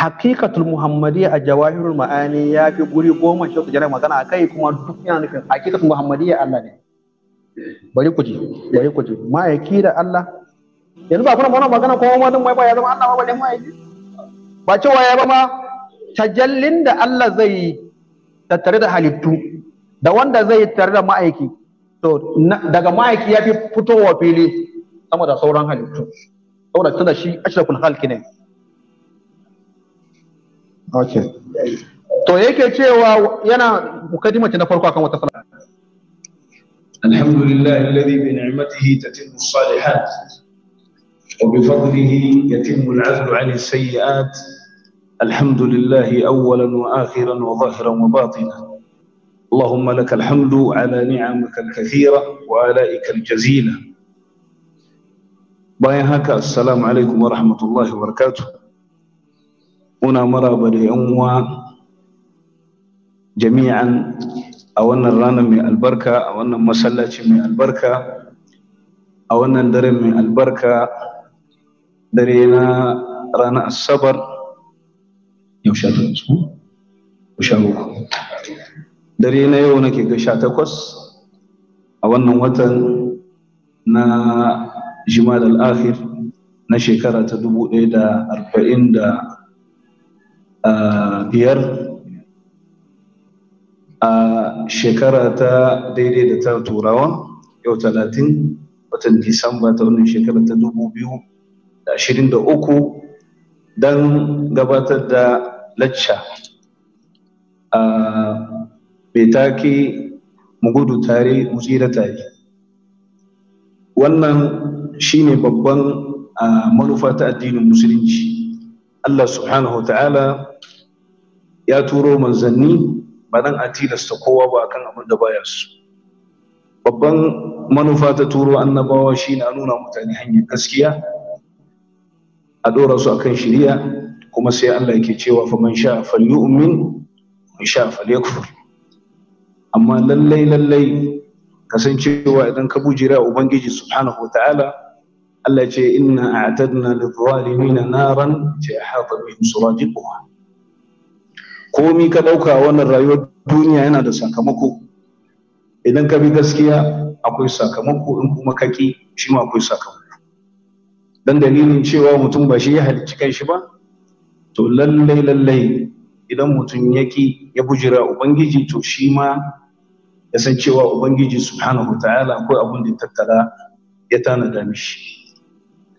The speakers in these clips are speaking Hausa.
hakikatul muhammadiyya a jawahirul ma'ani ya fi guri goma shi su jarar magana a kai kuma duk yana nufin hakikatul muhammadiyya Allah ne bari ku ji bari ku ji ma'aiki da Allah yanzu ba kuna magana kuma wani mai ba ya zama Allah ba balle ma'aiki ba cewa ya zama tajallin da Allah zai yi tattare da halittu da wanda zai tare da ma'aiki to daga ma'aiki ya fi fitowa fili sama da sauran halittu saboda tunda shi ashrafun halki ne okay to yake cewa yana mukaddimata na farko akan wata sala alhamdulillah alladhi bi ni'matihi tatimmu salihat وبفضله يتم العدل عن السيئات الحمد لله اولا واخرا وظاهرا وباطنا اللهم لك الحمد على نعمك الكثيره والائك الجزيله هكا السلام عليكم ورحمه الله وبركاته muna maraba da yan uwa jami'an a wannan rana mai albarka a wannan masallaci mai albarka a wannan dare mai albarka dare na ranar asabar yau sha takwas dare na yau nake ga sha takwas a wannan watan na jima'ar al na shekara ta dubu ɗaya da arba'in da Eh, biyar a shekara ta daidai da ta turawa yau talatin watan disamba ta wannan shekara ta dubu biyu da ashirin da uku don gabatar da lacca a mai mu gudu tare mu tsira tare wannan shine babban manufa ta addinin musulunci Allah subhanahu wa ta'ala ya turo manzanni ba dan a tilasta kowa ba kan abin da baya su babban manufa ta turo annabawa shi na nuna mutane hanyar gaskiya a dora su akan shirya kuma sai Allah yake cewa fa man sha falyu'min man sha falyakfur amma lallai lallai kasancewa idan ka bujira ubangiji subhanahu wa ta'ala Allah ce inna a'tadna lidh na naran ce ahata bihim suradiquha komi ka ɗauka wannan rayuwar duniya yana da sakamako idan ka bi gaskiya akwai sakamako in kuma kaki shi ma akwai sakamako dan dalilin cewa mutum ba shi ya halicci shi ba to lallai lallai idan mutum yaki ya bujira ubangiji to shi ma ya san cewa ubangiji subhanahu ta'ala akwai abin da ya tattala ya tanada mishi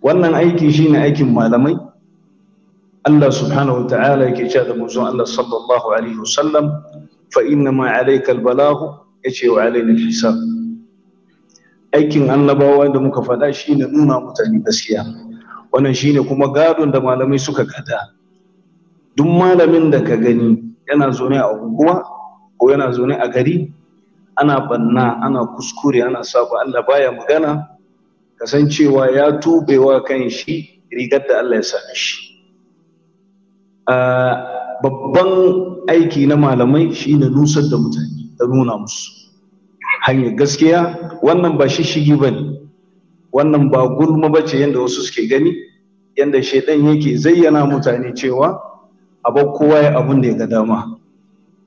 wannan aiki shine aikin malamai Allah subhanahu wa ta'ala yake cewa da manzon Allah sallallahu alaihi wasallam fa inna ma alayka albalahu yace wa alaina alhisab aikin annabawa da muka faɗa shine nuna mutane gaskiya wannan shine kuma gadon da malamai suka gada duk malamin da ka gani yana zaune a unguwa ko yana zaune a gari ana banna ana kuskure ana sabo Allah baya magana kasancewa ya tubewa kan shi rigar da Allah ya same shi babban aiki na malamai shine nusar da mutane da nuna musu hanyar gaskiya wannan ba shishigi ba ne wannan ba gulma ba ce yadda wasu suke gani yadda shaidan yake zayyana mutane cewa abu kowa ya abun da ya ga dama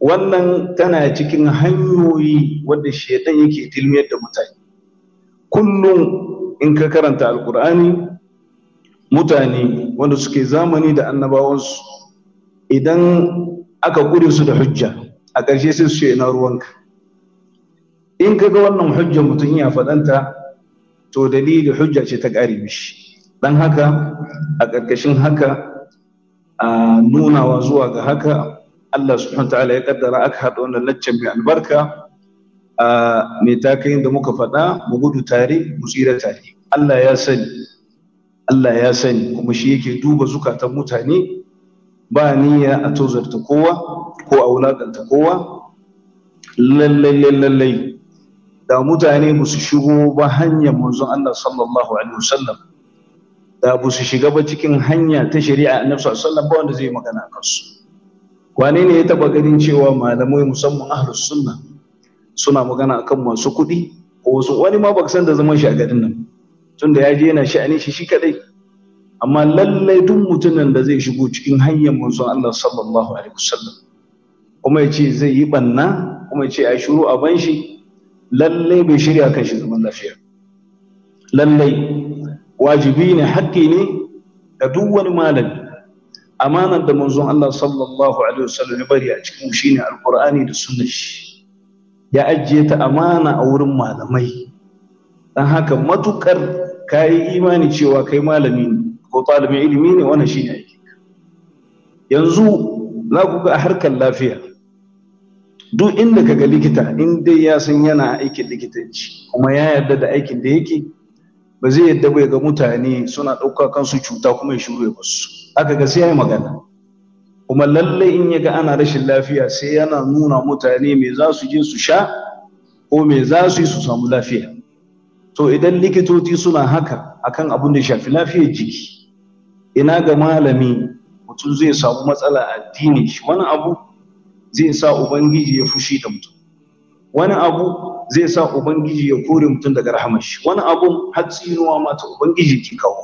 wannan tana cikin hanyoyi wadda shaidan yake tilmiyar da mutane kullum in ka karanta alkur'ani mutane wanda suke zamani da annabawansu idan aka kure su da hujja a ƙarshe sai su ce ina ruwanka in ka ga wannan hujja mutum ya faɗanta to dalili hujja ce ta ƙare mishi dan haka a ƙarƙashin haka a nunawa zuwa ga haka Allah subhanahu ta'ala ya kaddara aka haɗa wannan laccan mai albarka a mai takayin da muka faɗa mu gudu tare mu tsira tare Allah ya sani Allah ya sani kuma shi yake duba zukatan mutane ba niyya a tozarta kowa ko a wulaƙanta kowa lallai lallai da mutane ba su shigo ba hanyar manzon Allah sallallahu alaihi wasallam da ba su shiga ba cikin hanya ta shari'a annabi sallallahu alaihi ba wanda zai magana a kansu wane ne ya taba ganin cewa malamai musamman ahlus sunna suna magana akan masu kuɗi ko wasu wani ma baka san da zaman shi a garin nan tunda ya je yana sha'anin shi shi kadai amma lallai duk mutumin da zai shigo cikin hanyar manzon Allah sallallahu alaihi wasallam kuma ya ce zai yi banna kuma ya ce ai shiru a ban shi lallai bai shirya kan shi zaman lafiya lallai wajibi ne haƙƙi ne ga duk wani malami amanar da manzon Allah sallallahu alaihi wasallam ya bari a cikin shine alqur'ani da sunnar shi ya ajiye ta amana a wurin malamai dan haka matukar ka yi imani cewa kai malami ne ko ɗalibin ilimi ne wannan shi ne aiki yanzu za ku ga harkan harkar lafiya duk inda ka ga likita in dai ya san yana aikin likitanci kuma ya yarda da aikin da yake ba zai yadda bai ga mutane suna ɗauka kansu cuta kuma ya shure musu aka ga sai ya yi magana kuma lallai in ya ga ana rashin lafiya sai yana nuna mutane me za su je su sha ko me za su yi su samu lafiya to idan likitoci suna haka akan abin da shafi lafiyar jiki ina ga malami mutum zai samu matsala a addini shi wani abu zai sa ubangiji ya fushi da mutum wani abu zai sa ubangiji ya kore mutum daga rahama shi wani abu har tsinuwa mata ubangiji ki kawo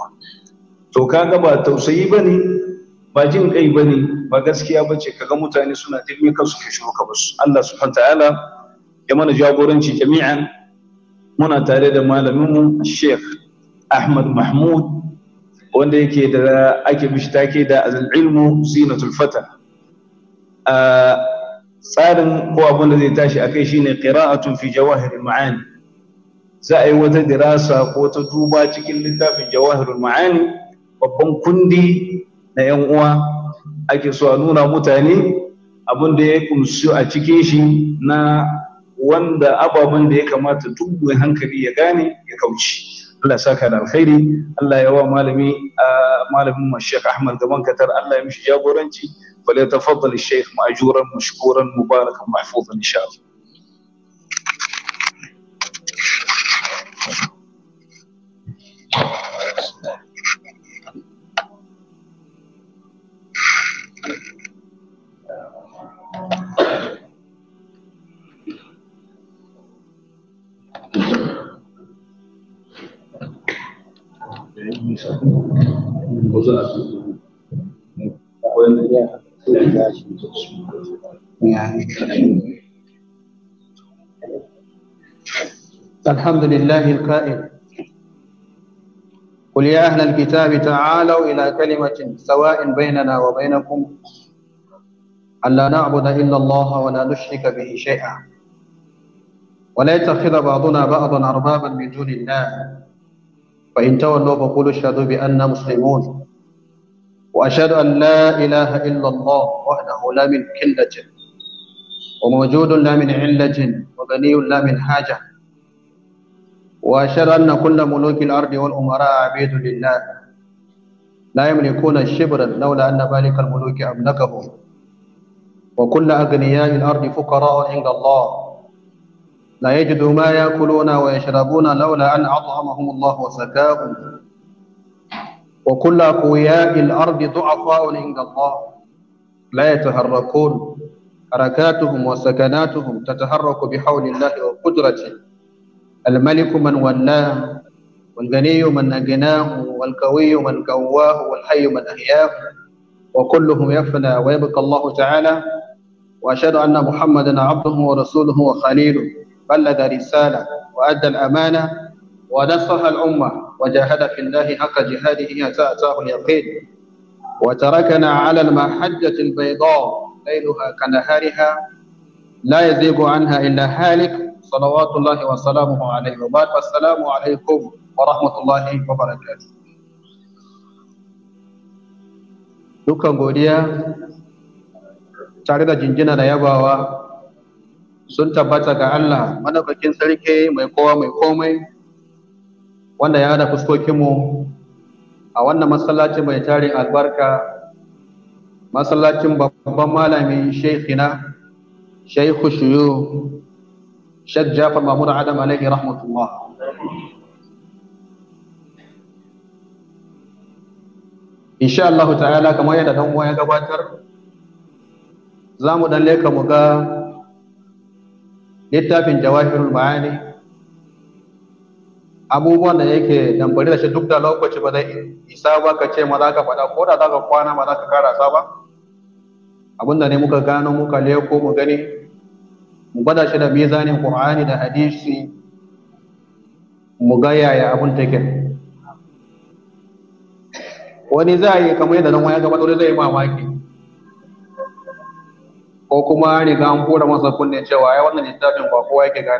to kaga ba tausayi bane ba jin kai bane ba gaskiya bace kaga mutane suna dirmi kansu ke shiru ka basu Allah subhanahu ta'ala ya mana jagoranci jami'an muna tare da malaminmu Sheikh Ahmad Mahmud wanda yake da ake mishi take da ilmu zinatul fata a tsarin ko abin da zai tashi akai shine qira'atun fi jawahir ma'ani za a yi wata dirasa ko ta duba cikin littafin jawahirul ma'ani babban kundi na yan uwa ake so a nuna mutane abin da ya kumsu a cikin shi na wanda ababen da ya kamata duk mai hankali ya gane ya kauce Allah ya saka da alkhairi Allah ya wa malami malamin Sheikh Ahmad Gaban Katar Allah ya mishi jagoranci fa la tafaddal Sheikh ma'juran mashkuran mubarakan mahfuzan insha Allah الحمد لله القائل قل يا أهل الكتاب تعالوا إلى كلمة سواء بيننا وبينكم ألا نعبد إلا الله ولا نشرك به شيئا ولا يتخذ بعضنا بعضا أربابا من دون الله فإن تولوا فقولوا اشهدوا بأننا مسلمون وأشهد أن لا إله إلا الله وحده لا من كلة وموجود لا من علة وغني لا من حاجة وأشهد أن كل ملوك الأرض والأمراء عبيد لله لا يملكون شبرا لولا أن مالك الملوك أملكهم وكل أغنياء الأرض فقراء عند الله لا يجدوا ما يأكلون ويشربون لولا أن أطعمهم الله وسكاهم وكل أقوياء الأرض ضعفاء عند الله لا يتحركون حركاتهم وسكناتهم تتحرك بحول الله وقدرته الملك من ولاه والغني من أغناه والقوي من قواه والحي من أحياه وكلهم يفنى ويبقى الله تعالى وأشهد أن محمدا عبده ورسوله وخليله بلد رسالة وأدى الأمانة ونصح الأمة وجاهد في الله حق جهاده حتى أتاه اليقين وتركنا على المحجة البيضاء ليلها كنهارها لا يزيغ عنها إلا هالك صلوات الله وسلامه عليه وبارك والسلام عليكم ورحمة الله وبركاته dukkan godiya tare da jinjina da yabawa sun tabbata ga Allah madaukakin sarki mai kowa mai komai wanda ya da fuskokinmu a wannan masallaci mai tarin albarka masallacin babban malami sheikhina shekhu shuyu shekh jafar mahmud adam alaihi rahmatullah insha Allah ta'ala kamar yadda dan uwa ya gabatar za mu dan leka mu ga littafin jawahirul ma'ani abubuwan da yake dambari da shi duk da lokaci ba zai isa ba ka ce ma za ka faɗa ko da za ka kwana ma za ka karasa ba abin da ne muka gano muka leko mu gani mu gwada shi da mizanin qur'ani da hadisi mu ga yaya abun take wani za a yi kamar yadda nan wani gaba dole zai mamaki ko kuma ne ga an hura masa kunne cewa ya wannan littafin ba kowa yake ba?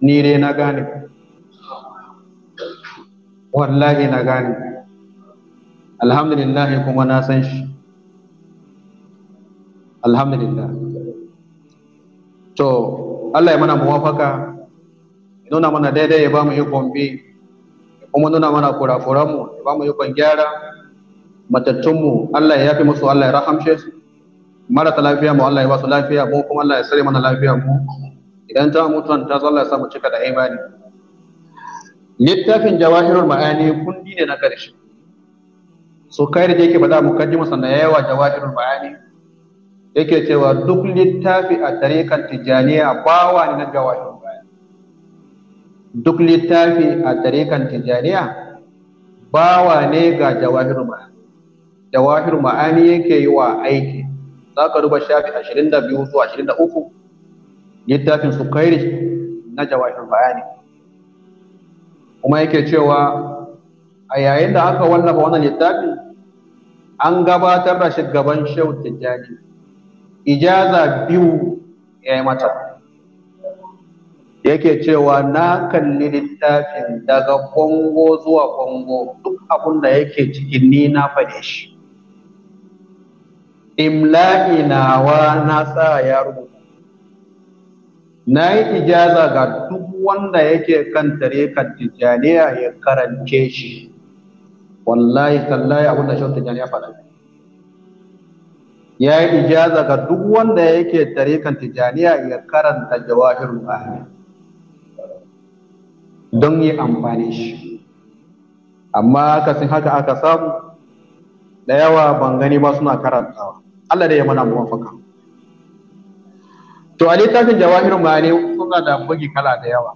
ni dai na gane wallahi na gane alhamdulillah kuma na san shi alhamdulillah to Allah ya mana muwafaka nuna mana daidai ya ba mu ikon bi kuma nuna mana kurakuranmu ya ba mu ikon gyara matattunmu Allah ya yafi musu Allah ya rahamshe su marasa lafiya mu Allah ya basu lafiya mu kuma Allah ya sare mana lafiya mu idan ta mutuwan ta zo Allah ya samu cika da imani littafin jawahirul ma'ani kundi ne na karshe so kai da yake bada mukaddimu sannan yawa jawahirul ma'ani yake cewa duk littafi a tarekan tijaniya bawa ne na jawahirul ma'ani duk littafi a tarekan tijaniya bawa ne ga jawahirul ma'ani jawahirul ma'ani yake yi wa aiki za ka duba shafi ashirin da biyu zuwa ashirin da uku littafin na jawahir bayani kuma yake cewa a yayin da aka wallafa wannan littafin an gabatar da shugaban shehu tijjani ijaza biyu ya yi mata yake cewa na kalli littafin daga kongo zuwa kongo duk abin da yake cikin ni na fade shi imla'i nawa na sa ya rubuta na yi ijaza ga duk wanda yake kan tarekan tijjaniya ya karance shi wallahi tallahi abin da shan tijjaniya faɗa ya yi ijaza ga duk wanda yake tarekan tijjaniya ya karanta jawahir ruhani don yi amfani shi amma akasin haka aka samu da yawa ban gani ba suna karantawa Allah ne ya mana muwafaka to a littafin jawahir ma'ani suna da bugi kala da yawa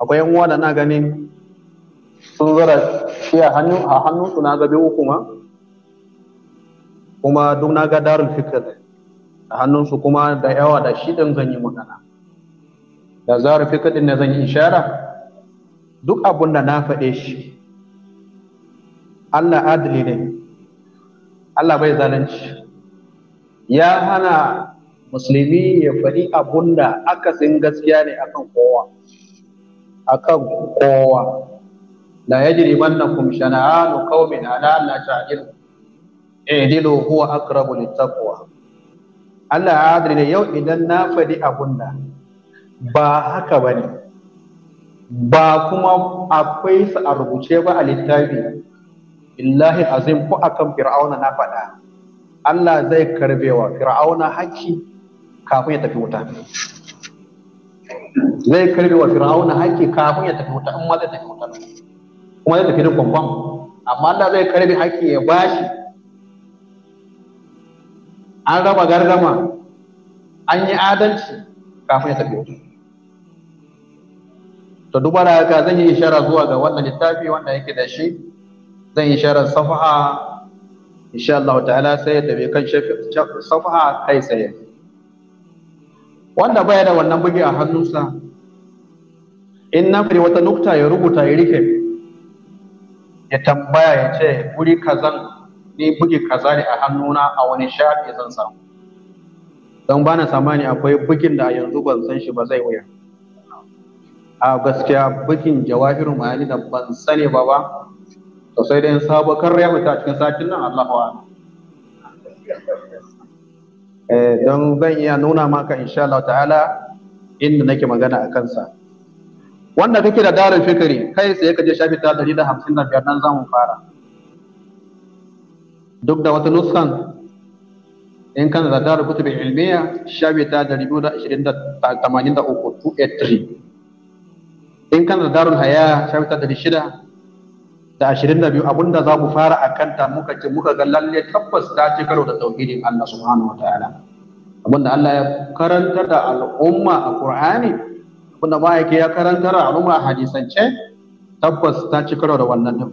akwai yan uwa da na gani sun zara shi a hannu a hannu suna ga biyu kuma kuma duk na ga darul fikr a hannunsu kuma da yawa da shi din zan yi magana da zaru fikr din ne zan yi ishara duk abun da na faɗe shi Allah adali ne Allah bai zalunci ya hana musulmi ya faɗi abun da akasin gaskiya ne akan kowa akan kowa la yajrimannakum shana'anu qaumin ala la ta'dilu i'dilu huwa aqrabu littaqwa Allah ya adri yau idan na faɗi abun da ba haka ba ne. ba kuma akwai su a rubuce ba a littafi illahi azim ko akan fir'auna na faɗa Allah zai wa fir'auna haƙƙi kafin ya tafi wuta zai wa fir'auna haƙƙi kafin ya tafi wuta in ma zai tafi wuta kuma zai tafi da gwangwan amma Allah zai karbe haƙƙi ya bashi an raba gargama an yi adalci kafin ya tafi wuta to duba da haka zan yi ishara zuwa ga wannan littafi wanda yake da shi zan yi isharar safaha insha Allah ta'ala sai da bai kan safa kai tsaye wanda baya da wannan bugi a hannunsa in na fari wata nukta ya rubuta ya rike ya tambaya ya ce wuri kazan ni bugi kaza ne a hannuna a wani shafi zan samu don ba na samani akwai bugin da yanzu ban san shi ba zai wuya a gaskiya bugin jawahirul ma'ani da ban sani ba ba to sai dai sabo kan ya fita cikin satin nan Allah wa eh don zan iya nuna maka insha Allah ta'ala inda nake magana a kansa wanda kake da darin fikiri kai sai ka je shafi ta 155 nan zamu fara duk da wata nuskan in kana da darar kutubi ilmiya shafi ta dari biyu da ashirin da tamanin da uku 283 in kana da darul haya shafi ta dari shida da ashirin da biyu abinda za mu fara a kanta muka ce muka ga lalle tabbas ta ci karo da tauhidin Allah subhanahu wa ta'ala abinda Allah ya karanta da al'umma a Qur'ani abinda ba yake ya karanta da al'umma a hadisance tabbas ta ci karo da wannan din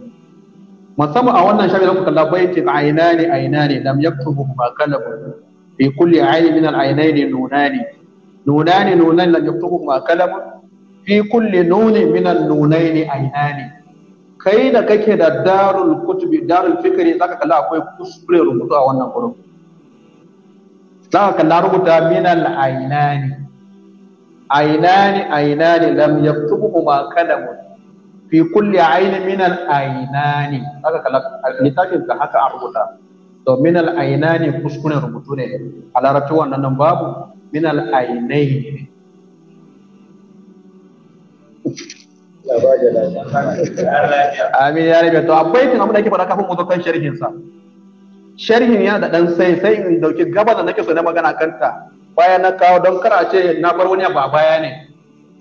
musamman a wannan shafi da kuka kalla baitin ainani ainani lam yaktubu ma kalabu fi kulli aini min al-ainaini nunani nunani nunani lam yaktubu ma kalabu fi kulli nuni min al-nunaini ainani kai da kake da darul kutubi darul fikri zaka kalla akwai kuskure rubutu a wannan gurin zaka kalla rubuta min al ainani ainani ainani lam yaktubu ma kalamu fi kulli ayni min al ainani zaka kalla litafin da haka a rubuta to min al ainani kuskuren rubutu ne a larabci wannan nan babu min al ainai Amin ya rabe to akwai tun abin da yake faɗa kafin mu zo kan sharhin sa. Sharhin yana da dan sai sai in dauki gaba da nake so na magana kanta bayan na kawo don kar a ce na bar wani ba baya ne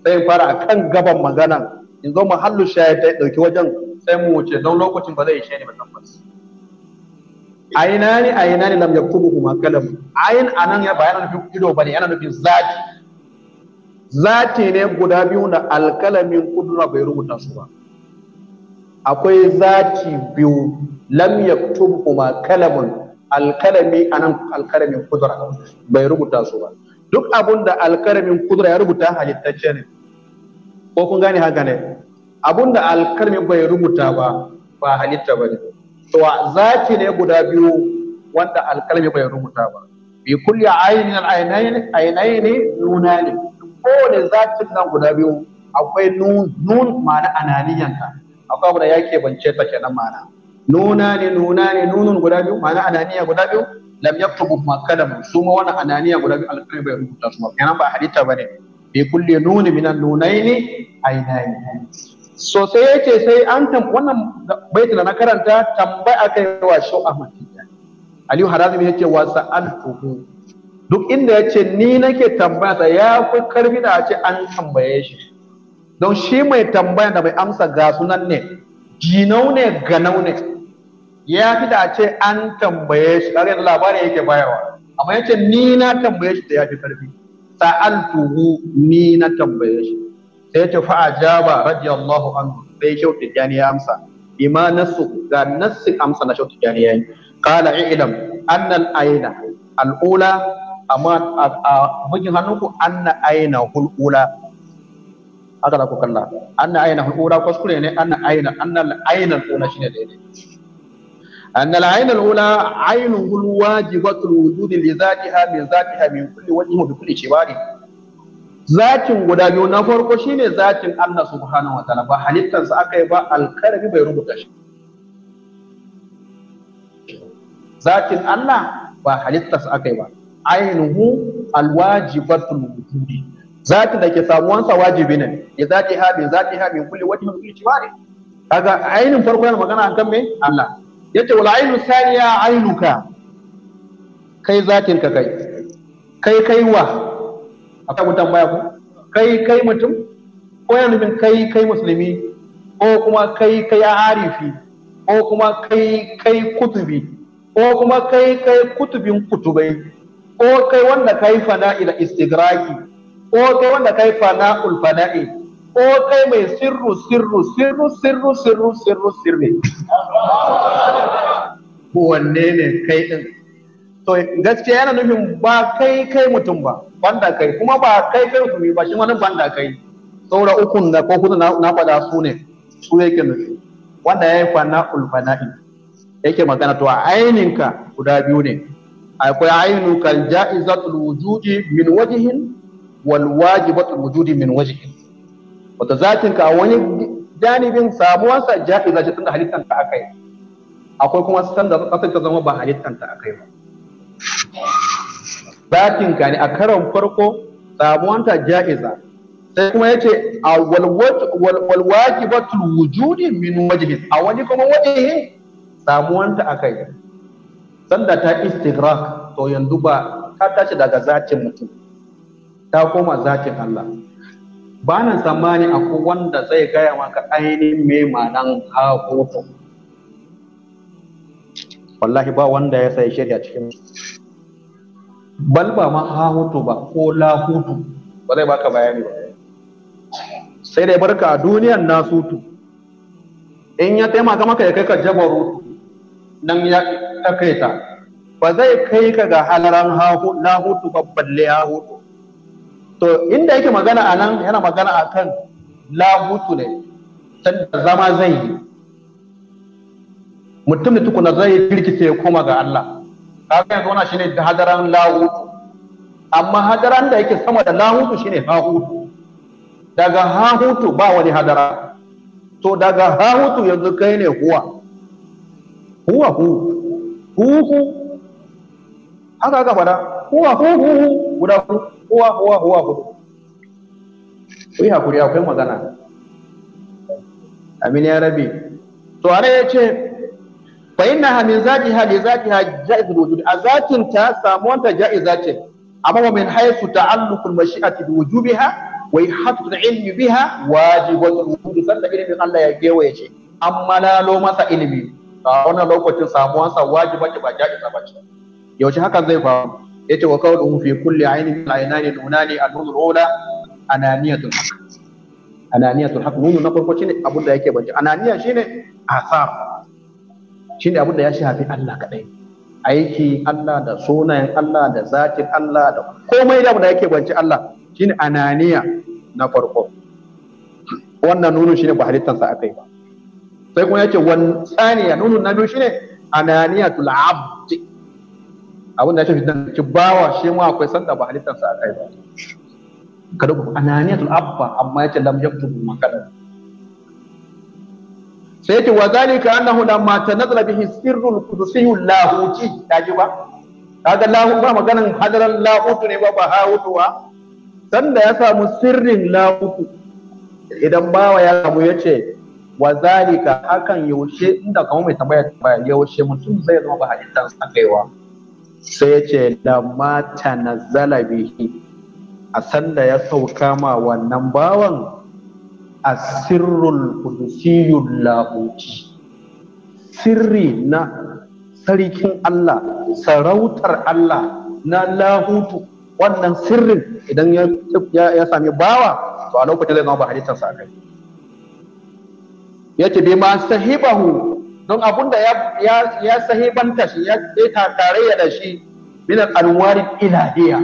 sai in fara kan gaban magana in zo mahallu shaye ta dauki wajen sai mu wuce don lokacin ba zai ishe ni ba tabbas. Ainani ainani lam yakubu kuma kalam Ayin anan ya bayan nufin ido bane yana nufin zati zati ne guda biyu na alkalamin kudura bai rubuta su ba akwai zati biyu lam yaktub kuma kalamun alkalami anan alkalamin kudura bai rubuta su ba duk abun da alkalamin kudura ya rubuta halittacce ne ko kun gane haka ne abun da alkalami bai rubuta ba ba halitta ba ne to zati ne guda biyu wanda alkalami bai rubuta ba bi kulli aynin aynayn aynayn nunani kowane zakin nan guda biyu akwai nun nun ma'ana ananiyanta akwai abu da yake bance ta kenan ma'ana nuna ne nuna ne nunun guda biyu ma'ana ananiya guda biyu lam yaktubu ma kalam su ma wannan ananiya guda biyu alƙalmi bai rubuta su ba kenan ba halitta bane bi kulli nuni minan nunaini ainaini so sai ce sai an tam wannan baitin da na karanta tambaya kai wa shu Ahmad Aliyu Harazim yake wa sa'altuhu duk inda ya ce ni nake tambaya ya fi karfi da ce an tambaye shi don shi mai tambaya da mai amsa ga sunan ne jinau ne ganau ne ya fi da ce an tambaye shi kare da labarin yake bayarwa amma ya ce ni na tambaye shi da ya fi karfi tuhu ni na tambaye shi sai ce fa ajaba radiyallahu anhu sai shauti gani ya amsa ima nasu ga nasu amsa na shauti gani ya yi qala i'lam anna al al'ula. amma a bugin hannunku na aina hulula haka za ku kalla na aina hulula kuskure ne an na aina na aina hulula shine daidai na aina hulula ainun wajibatul wujudi li zatiha min zatiha min kulli wajhin wa bi kulli shibari zatin guda biyu na farko shine zatin Allah subhanahu wa ta'ala ba halittarsa aka yi ba alkarami bai rubuta shi zatin Allah ba halittarsa aka yi ba ainihu alwajibatul wujudi zati da ke sa wajibi ne ya zati ha bi zati ha min kulli wajhin kulli jiwari kaga ainin farko yana magana akan me Allah yace wal ainu saniya ainuka kai zatin ka kai kai kai wa akwai mutum baya ku kai kai mutum ko yana nufin kai kai musulmi ko kuma kai kai arifi ko kuma kai kai kutubi ko kuma kai kai kutubin kutubai ko kai wanda kai ila istigraki ko kai wanda kai fana fana'i ko kai mai sirru sirru sirru sirru sirru sirru sirri wanne ne kai din to gaskiya yana nufin ba kai kai mutum ba banda kai kuma ba kai kai mutum ba shi wani banda kai saura ukun da ko kuma na fada su ne su yake nufi wanda yayi fana fana'ul fana'i yake magana to a ka guda biyu ne akwai ainu kal ja'izatul wujudi min wajihin wal wajibatul wujudi min wajihin. wata zatin ka wani janibin samuwarsa ja'iza ce tunda halittan ta akai akwai kuma da kasar ta zama ba halittan ta akai ba zatin ka ne a karon farko ta ja'iza sai kuma yace wal wajibatul wujudi min wajihin a wani kuma wajhi samuwanta akai sanda ta istighraq to yanzu ba ta tashi daga zatin mutum ta koma zatin Allah ba nan tsammani akwai wanda zai gaya maka ainihin mai manan haƙoto wallahi ba wanda ya sai shirya cikin bal ba ma hahutu ba ko lahutu ba zai baka bayani ba sai dai barka a duniyan nasutu in ya taimaka maka ya kai ka jabarutu nan ya takaita ba zai kai ka ga halaran lahutu babballe hutu. to inda yake magana a nan yana magana a kan lahutu ne sanda zama zai yi mutum da tukuna zai kirkice ya koma ga Allah kaga yanzu wannan shine hadaran lahutu amma hadaran da yake sama da lahutu shine hutu daga hutu ba wani hadara to daga hutu yanzu kai ne huwa huwa hu hu haka aka fada huwa hu hu guda huwa huwa huwa hu ku yi hakuri akwai magana amin ya rabi to ana ya ce fa inna min zaki li zatiha jaizul wujud a zakin ta samuwan ta jaiza ce amma wa min a ta'alluqul mashi'ati bi wujubiha wa da ilmi biha wajibatul wujud sanda ilimin Allah ya gewaye ce an malalo masa ilimi a wannan lokacin samuwansa wajiba ke ba ja'iza ba ce yaushe haka zai faru yace wa qawluhu fi kulli aini. min aynani nunani an-nunul ula ananiyatu haq ananiyatul nunu na farko shine abin da yake bance ananiya shine asar shine abin da ya shafi Allah kadai aiki Allah da sunayen Allah da zatin Allah da komai da yake bance Allah shine ananiya na farko wannan nunu shine ba halittansa akai ba sai kuma yake wan tsaniya nunun na biyu shine ananiyatul abd abin da ya shafi ki bawa shi ma akwai sanda ba halittarsa a kai ba kada ku ananiyatul abba amma yace lam yaktubu makana sai yake wa zalika annahu lamma tanazala bihi sirrul qudusiyyu lahuti kaji ba kaga lahu ba maganan hadaran lahutu ne ba ba hawutuwa sanda ya samu sirrin lahutu idan bawa ya samu yace wa hakan yaushe inda kamar mai tambaya tambaya yaushe mutum zai zama ba halittar sakaiwa sai ce ce mata na bihi a sanda ya sauka ma wannan bawan asirrul qudusiyul lahuti sirri na sarkin Allah sarautar Allah na lahutu wannan sirrin idan ya sami bawa to a lokacin zai zama ba halittar sakaiwa yace bi ma sahibahu don abun ya ya ya sahibanta shi ya ta tarayya da shi min al-anwari ilahiyya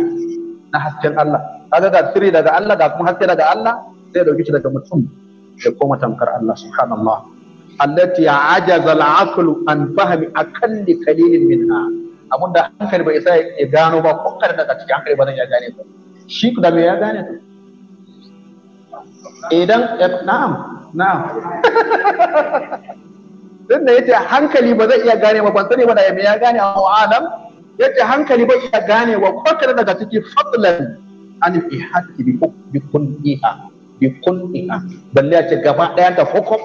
na hasken Allah kaga ga sirri daga Allah ga kuma haske daga Allah sai dauki shi daga mutum ya koma tamkar Allah subhanallah allati ajaza al-aqlu an fahmi akalli qalilin minha abunda hankali bai isa ya gano ba ko kada daga cikin hankali ba zan ya gane ba shi da me ya gane idan na'am na'am din da yace hankali ba zai iya gane ba ban sani ba da ya gane a alam yace hankali ba iya gane wa kwatar daga ciki fadlan an ihati bi bi kunniha bi kunniha balle yace ce gaba daya da hukum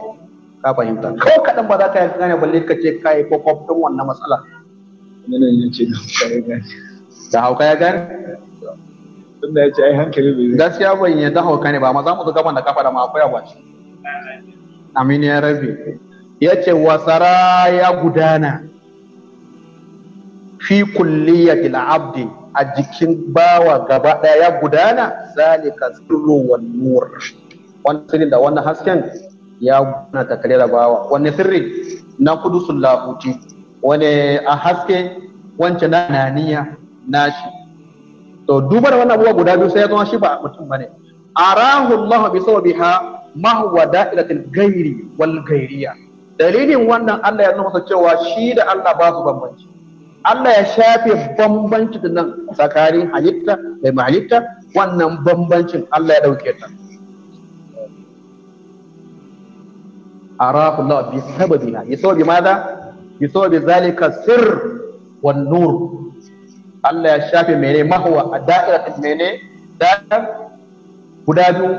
ka fahimta ko kadan ba za ka gane balle ka ce kai hukum din wannan matsala nan ne ce da hauka ya gane da ya ce ai hankali bai zai gaskiya ban yadda hauka ne ba amma za mu gaban da kafa da mako ya abaci amin ya rabi ya ce wasara ya gudana fi kulliyatil abdi a jikin bawa gaba daya ya gudana zalika sirru wan nur wannan sirri da wannan hasken ya gudana kare da bawa wanne sirri na sun lahuti wani a haske wancan na naniya nashi to duba da wannan abubuwa guda biyu sai ya zama shi ba mutum bane arahu Allah bi sawabiha ma huwa da'ilatul ghairi wal ghairiya dalilin wannan Allah ya nuna masa cewa shi da Allah ba su bambanci Allah ya shafe bambanci da nan tsakanin halitta da mahalitta wannan bambancin Allah ya dauke ta arahu Allah bi sababiha bi sababi madha bi sababi zalika sirr wan nur Allah ya shafe mene mahuwa a da'irar mene da'ir guda biyu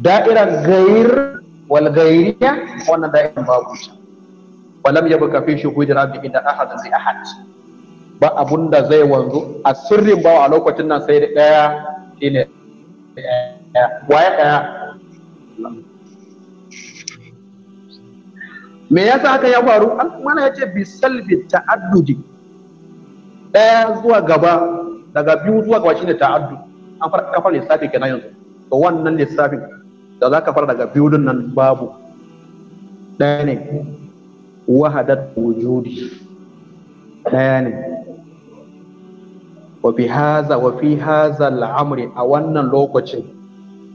da'irar gair wal gairiya wannan da'irar babu shi walam yabu buka fi shi hujira bi inda ahad zai ahad ba abunda zai wanzu a sirrin bawa a lokacin nan sai da daya shine waye daya me yasa haka ya faru an mana yace bi salbi ta'addudi ɗaya zuwa gaba daga biyu zuwa gaba shine ta'addu an fara kafar lissafi kenan yanzu to wannan lissafin da za ka fara daga biyu din nan babu ɗaya ne wahadat wujudi daya ne wa bi haza wa fi haza al'amri a wannan lokacin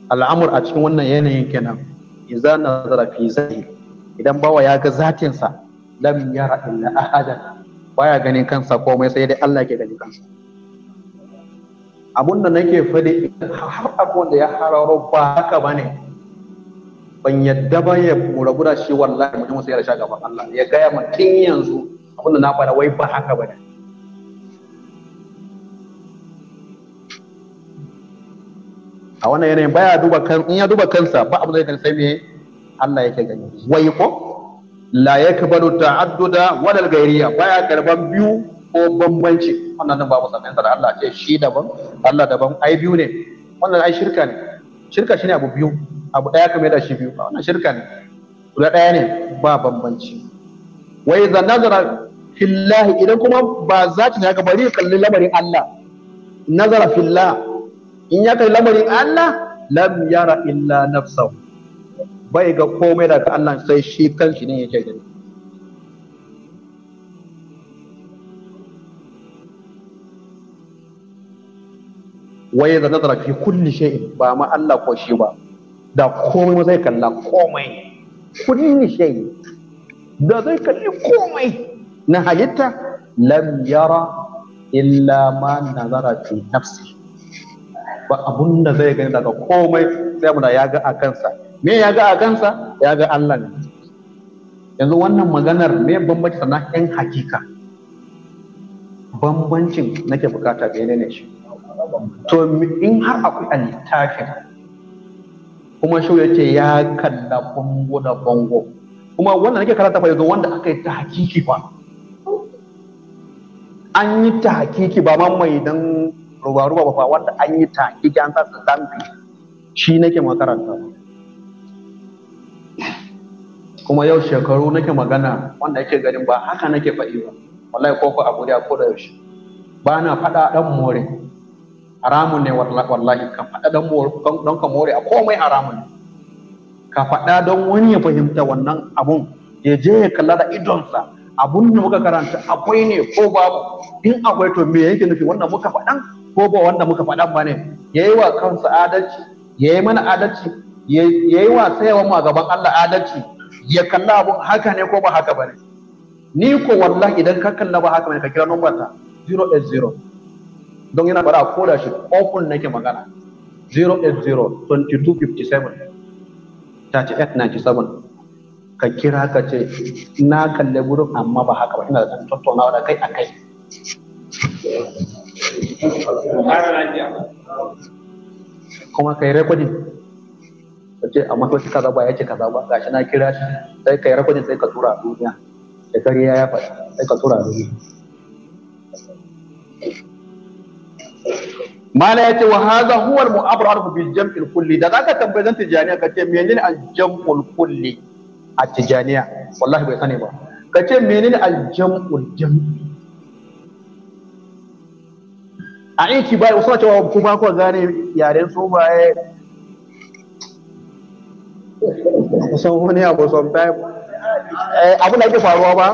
al'amur a cikin wannan yanayin kenan idan nazara fi zahir idan bawa ya ga zatinsa lam yara illa ahadan baya ganin kansa komai sai dai Allah ke ganin kansa abun da nake fadi har abun da ya hararo ba haka bane ban yadda ba ya mura da shi wallahi mutum sai ya sha gaban Allah ya gaya ma tun yanzu abun da na fara wai ba haka bane a wannan yanayin baya duba kan in ya duba kansa ba abun da ya gani sai me Allah yake gani wai ko la yakbalu ta'adduda wal ghairiya baya karban biyu ko bambanci wannan nan babu sanin da Allah ce shi daban Allah daban ai biyu ne wannan ai shirka ne shirka shine abu biyu abu daya kamar da shi biyu wannan shirka ne guda ɗaya ne ba bambanci wa idza nazara fillahi idan kuma ba za ta ga bari kalli lamarin Allah nazara fillah in ya kalli lamarin Allah lam yara illa nafsahu bai ga komai daga Allah sai shi kanshi ne yake gani waye da nazara fi kulli shay'in ba ma Allah ko shi ba da komai ma zai kalla komai kulli shay'in da zai kalli komai na halitta lam yara illa ma nazara fi nafsi ba abun da zai gani daga komai sai mu da ya ga a kansa me ya ga a kansa ya ga Allah ne yanzu wannan maganar me bambanci sana yan hakika bambancin nake bukata ga ne shi to in har akwai a littafin kuma shi yake ya kalla bango da bango kuma wannan nake karanta fa yanzu wanda aka yi ta hakiki fa an yi ta hakiki ba ma mai dan ruba-ruba ba fa wanda an yi ta hakiki an sa su shi nake makaranta kuma yau shekaru nake magana wanda yake ganin ba haka nake faɗi ba wallahi koko a da ko da yaushe ba na faɗa ɗan more haramun ne wallahi ka faɗa ɗan more don ka more a komai haramun ne ka faɗa don wani ya fahimta wannan abun ya je ya kalla da idonsa abun da muka karanta akwai ne ko babu in akwai to me yake nufi wanda muka faɗan ko ba wanda muka faɗan ba ne ya yi wa kansa adalci ya yi mana adalci ya yi wa sayawa mu gaban Allah adalci ya kalla abun haka ne ko ba haka ba ne ni ko wallahi idan ka kalla ba haka ba ne ka kira number ta 080 don yana bara a koda shi open nake magana 080 2257 3897 ka kira ka ce na kalle gurin amma ba haka ba ina da tattaunawa da kai a kai kuma ka yi rekodin ka ce a to kaza ba ya ce kaza ba gashi na kira shi sai ka yi rakwani sai ka tura a duniya da kariya ya faɗi sai ka tura a duniya mala ce wa haza huwal mu'abar muabrar bi jam' al-kulli da zaka tambaye zan tijaniya ce menene al-jam' al-kulli a tijaniya wallahi bai sani ba ce menene al-jam' al a aiki bai usata cewa kuma kuwa gane yaren su ya kusan wani abu sometime eh, abin da ake faruwa ba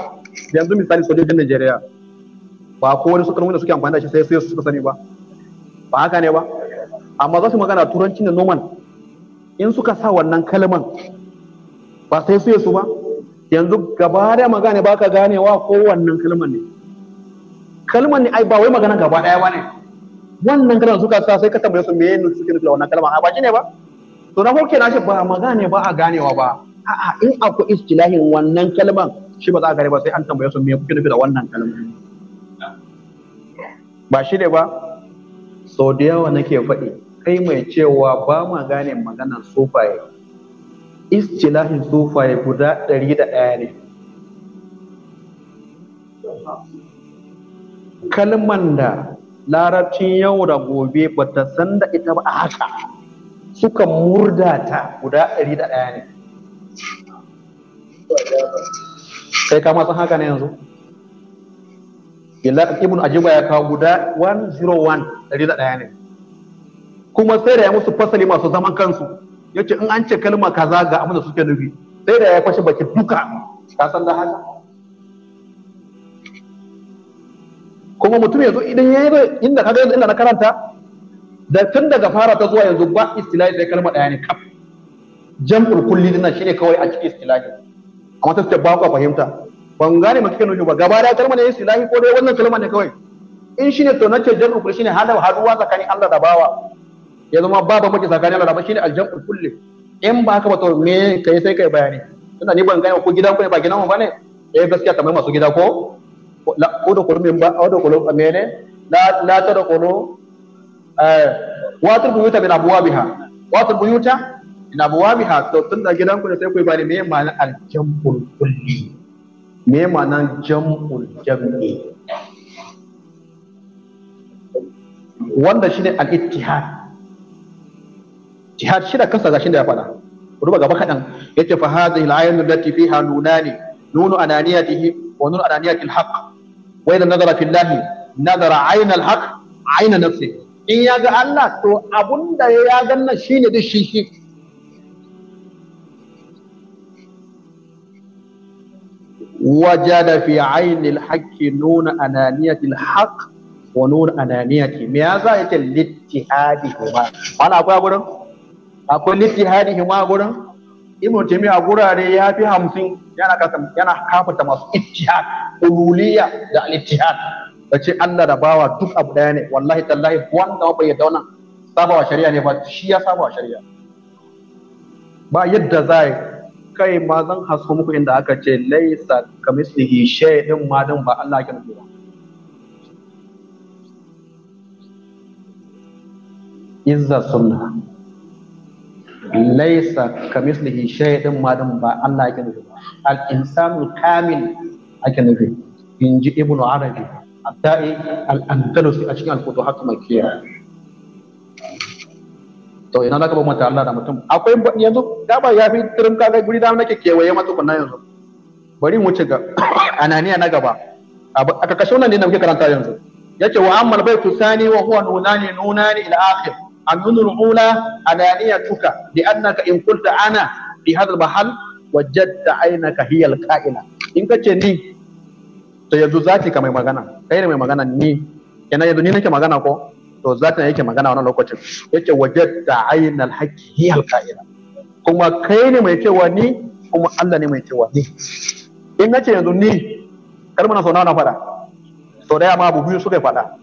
yanzu misali sojojin Najeriya ba ko wani sukan wanda suke amfani da shi sai sai suka sani ba ba haka ne ba amma za su magana turanci da noman in suka sa wannan kalman ba sai su su ba yanzu gaba da magana ba ka ganewa ko wannan kalman ne kalman ne ai ba wai magana gaba daya ba ne wannan kalman suka sa sai ka tambaye su me ne suke nufi wannan kalman ba shi ne ba to na farko na shi ba magane ba a ganewa ba a'a in akwai istilahin wannan kalman shi ba za a gane ba sai an tambaye su me kuke nufi da wannan kalman ba shi ne ba sau da yawa nake faɗi kai mai cewa ba ma gane maganar sufaye istilahin sufaye guda ɗari da ɗaya ne kalman da larabcin yau da gobe ba ta san da ita ba a haka suka murdata guda ɗari da ɗaya ne kai kama san haka ne yanzu ibn ajiba ya kawo guda 101 ɗari da ɗaya ne kuma sai da ya musu fasali masu zaman kansu ya ce in an ce kalma kaza ga abin da suke nufi sai da ya kwashe baki duka ka san da haka kuma mutum yanzu idan ya yi inda kaga yanzu inda na karanta da tun daga fara ta zuwa yanzu ba istilahi sai kalma ɗaya ne kaf jam'ul kulli dinnan shine kawai a cikin istilahi amma ta ba ku fahimta ban gane maka kake ba gaba da kalma ne istilahi ko dai wannan kalma ne kawai in shine to nace jam'ul kulli shine hada haduwa tsakanin Allah da bawa ya zama ba ba muke tsakanin Allah da ba shine aljam'ul kulli in ba haka ba to me kai sai kai bayani tunda ni ban gane ko gidan ku ne ba gidan mu bane eh gaskiya kamar masu gida ko la ko da kullu min ba ko da kullu amene la la ta da kullu Eh, watul buyuta min abwabiha watul buyuta min abwabiha to tun da gidanku da sai ku bani me ma'anar aljamul kulli me ma'anar jam'ul jam'i wanda shine al-ittihad jihad shida kansa gashin da ya faɗa ruba gaba kaɗan yace fa hadhihi al-aynu allati fiha nunani nunu ananiyatihi wa nunu ananiyati al-haq wa idha nadara fi allahi nadara ayna al-haq ayna nafsihi in ya ga Allah to abun da ya ganna shi shine duk shi shi wajada fi ainil haqqi nuna ananiyatil haqq wa nuna ananiyati me ya za yake littihadi huma Wani akwai gurin akwai littihadi huma gurin ibnu a gurare ya fi hamsin yana yana kafa masu ittihad ululiya da littihad da ce Allah da bawa duk abu daya ne wallahi tallahi wanda bai yadda wannan sabawa shari'a ne ba shi ya sabawa shari'a ba yadda za kai ma zan haso muku inda aka ce laisa kamislihi shay'in ma dan ba Allah yake nufi izza sunna laisa kamislihi shay'in ma dan ba Allah yake nufi al insanu kamil ake nufi inji ibnu arabi a الأندلسي أشكي الفتوحات المكية to ina naka bambanta Allah da mutum akwai yanzu dama ya fi tirin kaga guri da nake kewaye mata kunna yanzu bari mu ci ga ananiya na gaba A kashe wannan ne da muke karanta yanzu yake wa bai baitu sani wa huwa nunani nunani ila akhir النون الأولى أنانيتك لأنك إن قلت أنا في هذا المحل وجدت عينك هي الكائنة إن ni. to yanzu zati ka mai magana kai ne mai magana ni kenan yanzu ni nake magana ko to zati yake magana wannan lokacin yace wajadta ainal haqqi hi al qa'ila kuma kai ne mai cewa ni kuma Allah ne mai cewa ni in nace yanzu ni kar mana sauna na fada to da ma abu biyu suka fada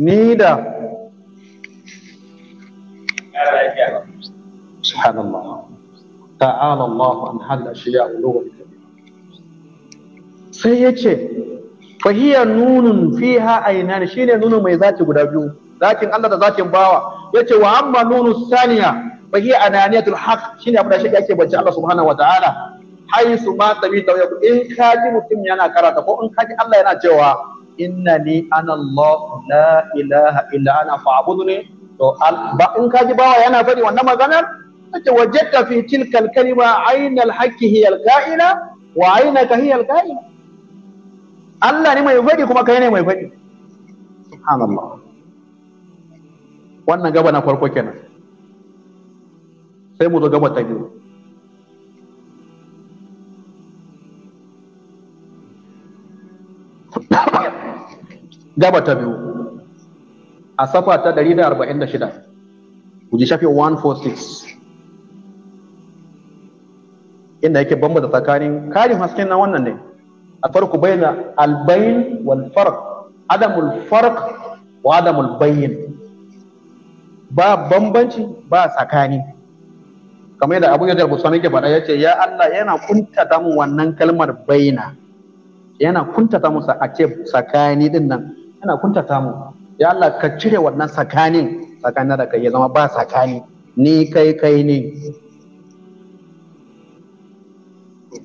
ni da subhanallah ta'ala Allah an shi ya ulugha sai ya ce fahiyar nunun fiha aina shine nunu mai zati guda biyu Zakin Allah da zakin bawa Ya ce wa amma nunu saniya fahiya ananiyatul haq shine abin da shi ake bance Allah subhanahu wataala haisu ma tabita wa in kaji mutum yana karata ko in kaji Allah yana cewa ni ana Allah la ilaha illa ana fa'budni to ba in kaji bawa yana bari wannan maganar kace wajadta fi tilkal kalima ainal haqqi hiya al-qa'ila wa ainaka hiya al-qa'ila Allah ne mai faɗi kuma kai ne mai faɗi subhanallah wannan gaba na farko kenan sai mu zo gaba ta biyu gaba ta biyu a safa ta 146 ku ji shafi 146 inda yake bambata tsakanin karin hasken na wannan ne الفرق بين البين والفرق عدم الفرق وعدم البين ba bambanci ba tsakani kamar yadda abu yadda busani ke faɗa ya ce ya Allah yana kuntata mu wannan kalmar baina yana kuntata mu a ce tsakani nan yana kuntata mu ya Allah ka cire wannan tsakanin tsakanin da kai ya zama ba tsakani ni kai kai ne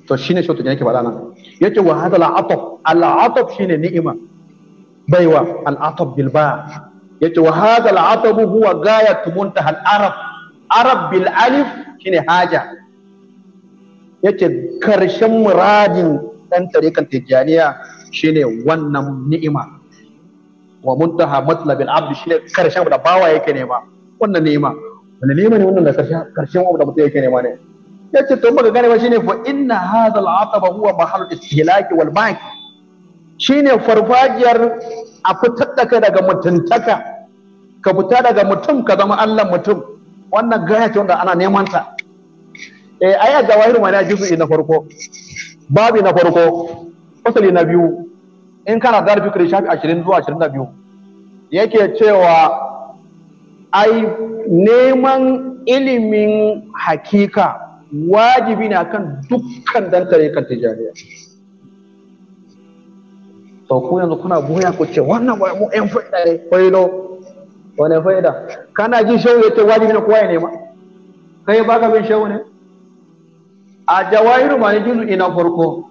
to shine shi to yake faɗa nan yace wa hada al'atab al'atab shine ni'ima baiwa al'atab bil ba yace wa hada al'atab huwa gayat muntaha al-arab arab bil alif shine haja yace karshen muradin dan tarikan tijaniya shine wannan ni'ima wa muntaha matlabil abd shine karshen da bawa yake nema wannan ni'ima wannan ni'ima ne wannan da karshen karshen da mutum yake nema ne yace to muka gane ba shine fa inna hadha al-ataba huwa mahallu istihlaki wal bank shine farfajiyar a fitar da kai daga mutuntaka ka fita daga mutum ka zama Allah mutum wannan gaya ce wanda ana neman ta eh aya jawahir mana juz'i na farko babi na farko fasali na biyu in kana da fikri shafi 20 zuwa 22 yake cewa ai neman ilimin hakika wajibi ne akan dukkan dan kan tijariya to ku yanzu kuna boya ku ce wannan ba mu yan faida ne failo wani faida kana jin shehu ya ce wajibi ne kowa ya nema kai ba ka bin shehu ne a jawairu ma ne jinu ina farko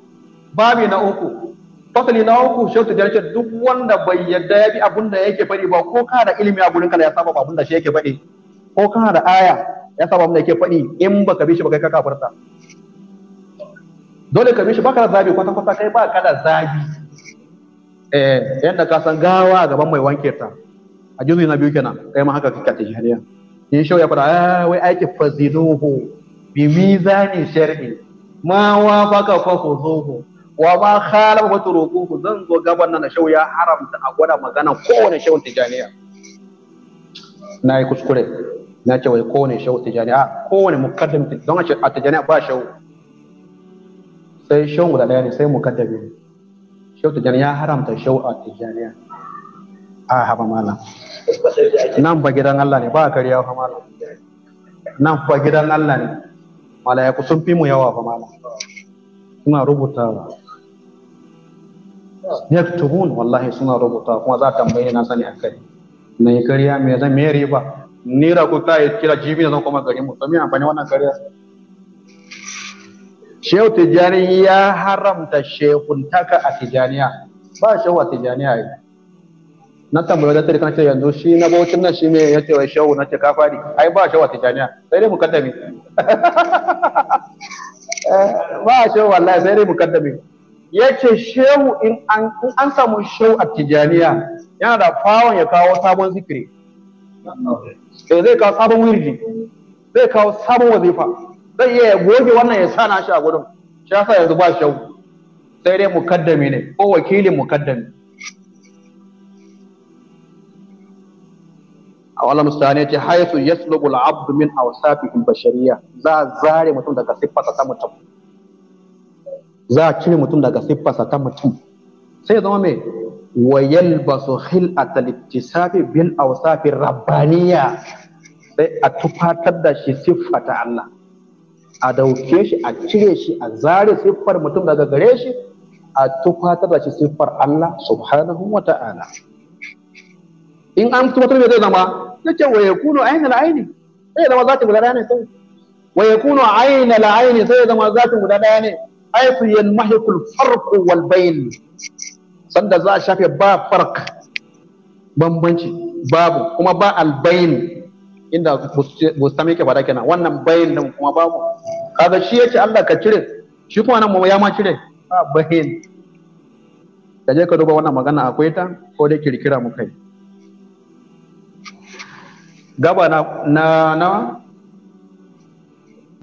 babi na uku fasali na uku shehu ta jarce duk wanda bai yadda ya bi abin da yake faɗi ba ko kana da ilimi a gurin ka ya saba abin da shi yake faɗi ko kana da aya ya saba mun yake faɗi in baka bi shi baka kai kafarta dole ka bi shi baka zabi kwata kwata kai ba kada zabi eh yanda ka san gawa gaban mai wanke ta a juzu na biyu kenan kai ma haka kake tijaniya in shau ya fada ah, wai aiki fazinuhu bi mizani shar'i ma wa baka fa fuzuhu wa ma khala wa turuquhu zan zo gaban nan shau ya haramta a gwada magana kowane shau tijaniya na yi kuskure na ce wai kowane shau tijani a kowane mukaddam don a ce a tijani ba shau sai shau guda daya ne sai mukaddami ne shau tijani ya haramta shau a tijani a haɓa malam nan ba gidan Allah ne ba kariya fa malam nan ba gidan Allah ne malayaku sun fi mu yawa fa malam suna rubuta yaktubun wallahi suna rubuta kuma za a tambaye na sani akai na yi kariya me zan me riba ni rago ta yi kira jibi na zan koma garin mu domin amfani wannan kariya shehu tijjani ya haramta shehuntaka a tijjaniya ba shehu a tijjaniya yi na tambaya da tarika ce yanzu shi na bautin nan shi ne ya wai shehu na ce ka fadi ai ba shehu a tijjaniya sai dai mukaddami ba shehu wallahi sai dai mukaddami ya ce shehu in an samu shehu a tijjaniya yana da fawon ya kawo sabon zikiri sai eh, zai kawo sabon wirdi zai kawo sabon wazifa zai iya goge wannan ya sa shi a gudun? shi yasa yanzu ba shau sai dai mukaddami ne ko wakilin mukaddami a wala misali ce haisu yaslubu al-abd min awsafihi shari'a, za zare mutum daga siffarsa ta mutum za a cire mutum daga siffarsa ta mutum sai zama mai wayal basu hil a talittisafi bil awsafi rabbaniya sai a tufatar da shi siffa ta Allah a dauke shi a cire shi a zare siffar mutum daga gare shi a tufatar da shi siffar Allah subhanahu wa ta'ala in an tufatar da zai zama yake wa yakunu aina al-aini sai zama zati guda daya ne sai wa ya yakunu aina al-aini sai zama zati guda daya ne aitu yanmahikul farqu wal bayn sanda za a shafe ba farq bambanci babu kuma ba albayin inda mustami ke bada kenan wannan bayin nan kuma babu kaga shi yace Allah ka cire shi kuma nan mu ya ma cire a bayin ka je ka duba wannan magana akwai ta ko dai kirkira mu kai gaba na na na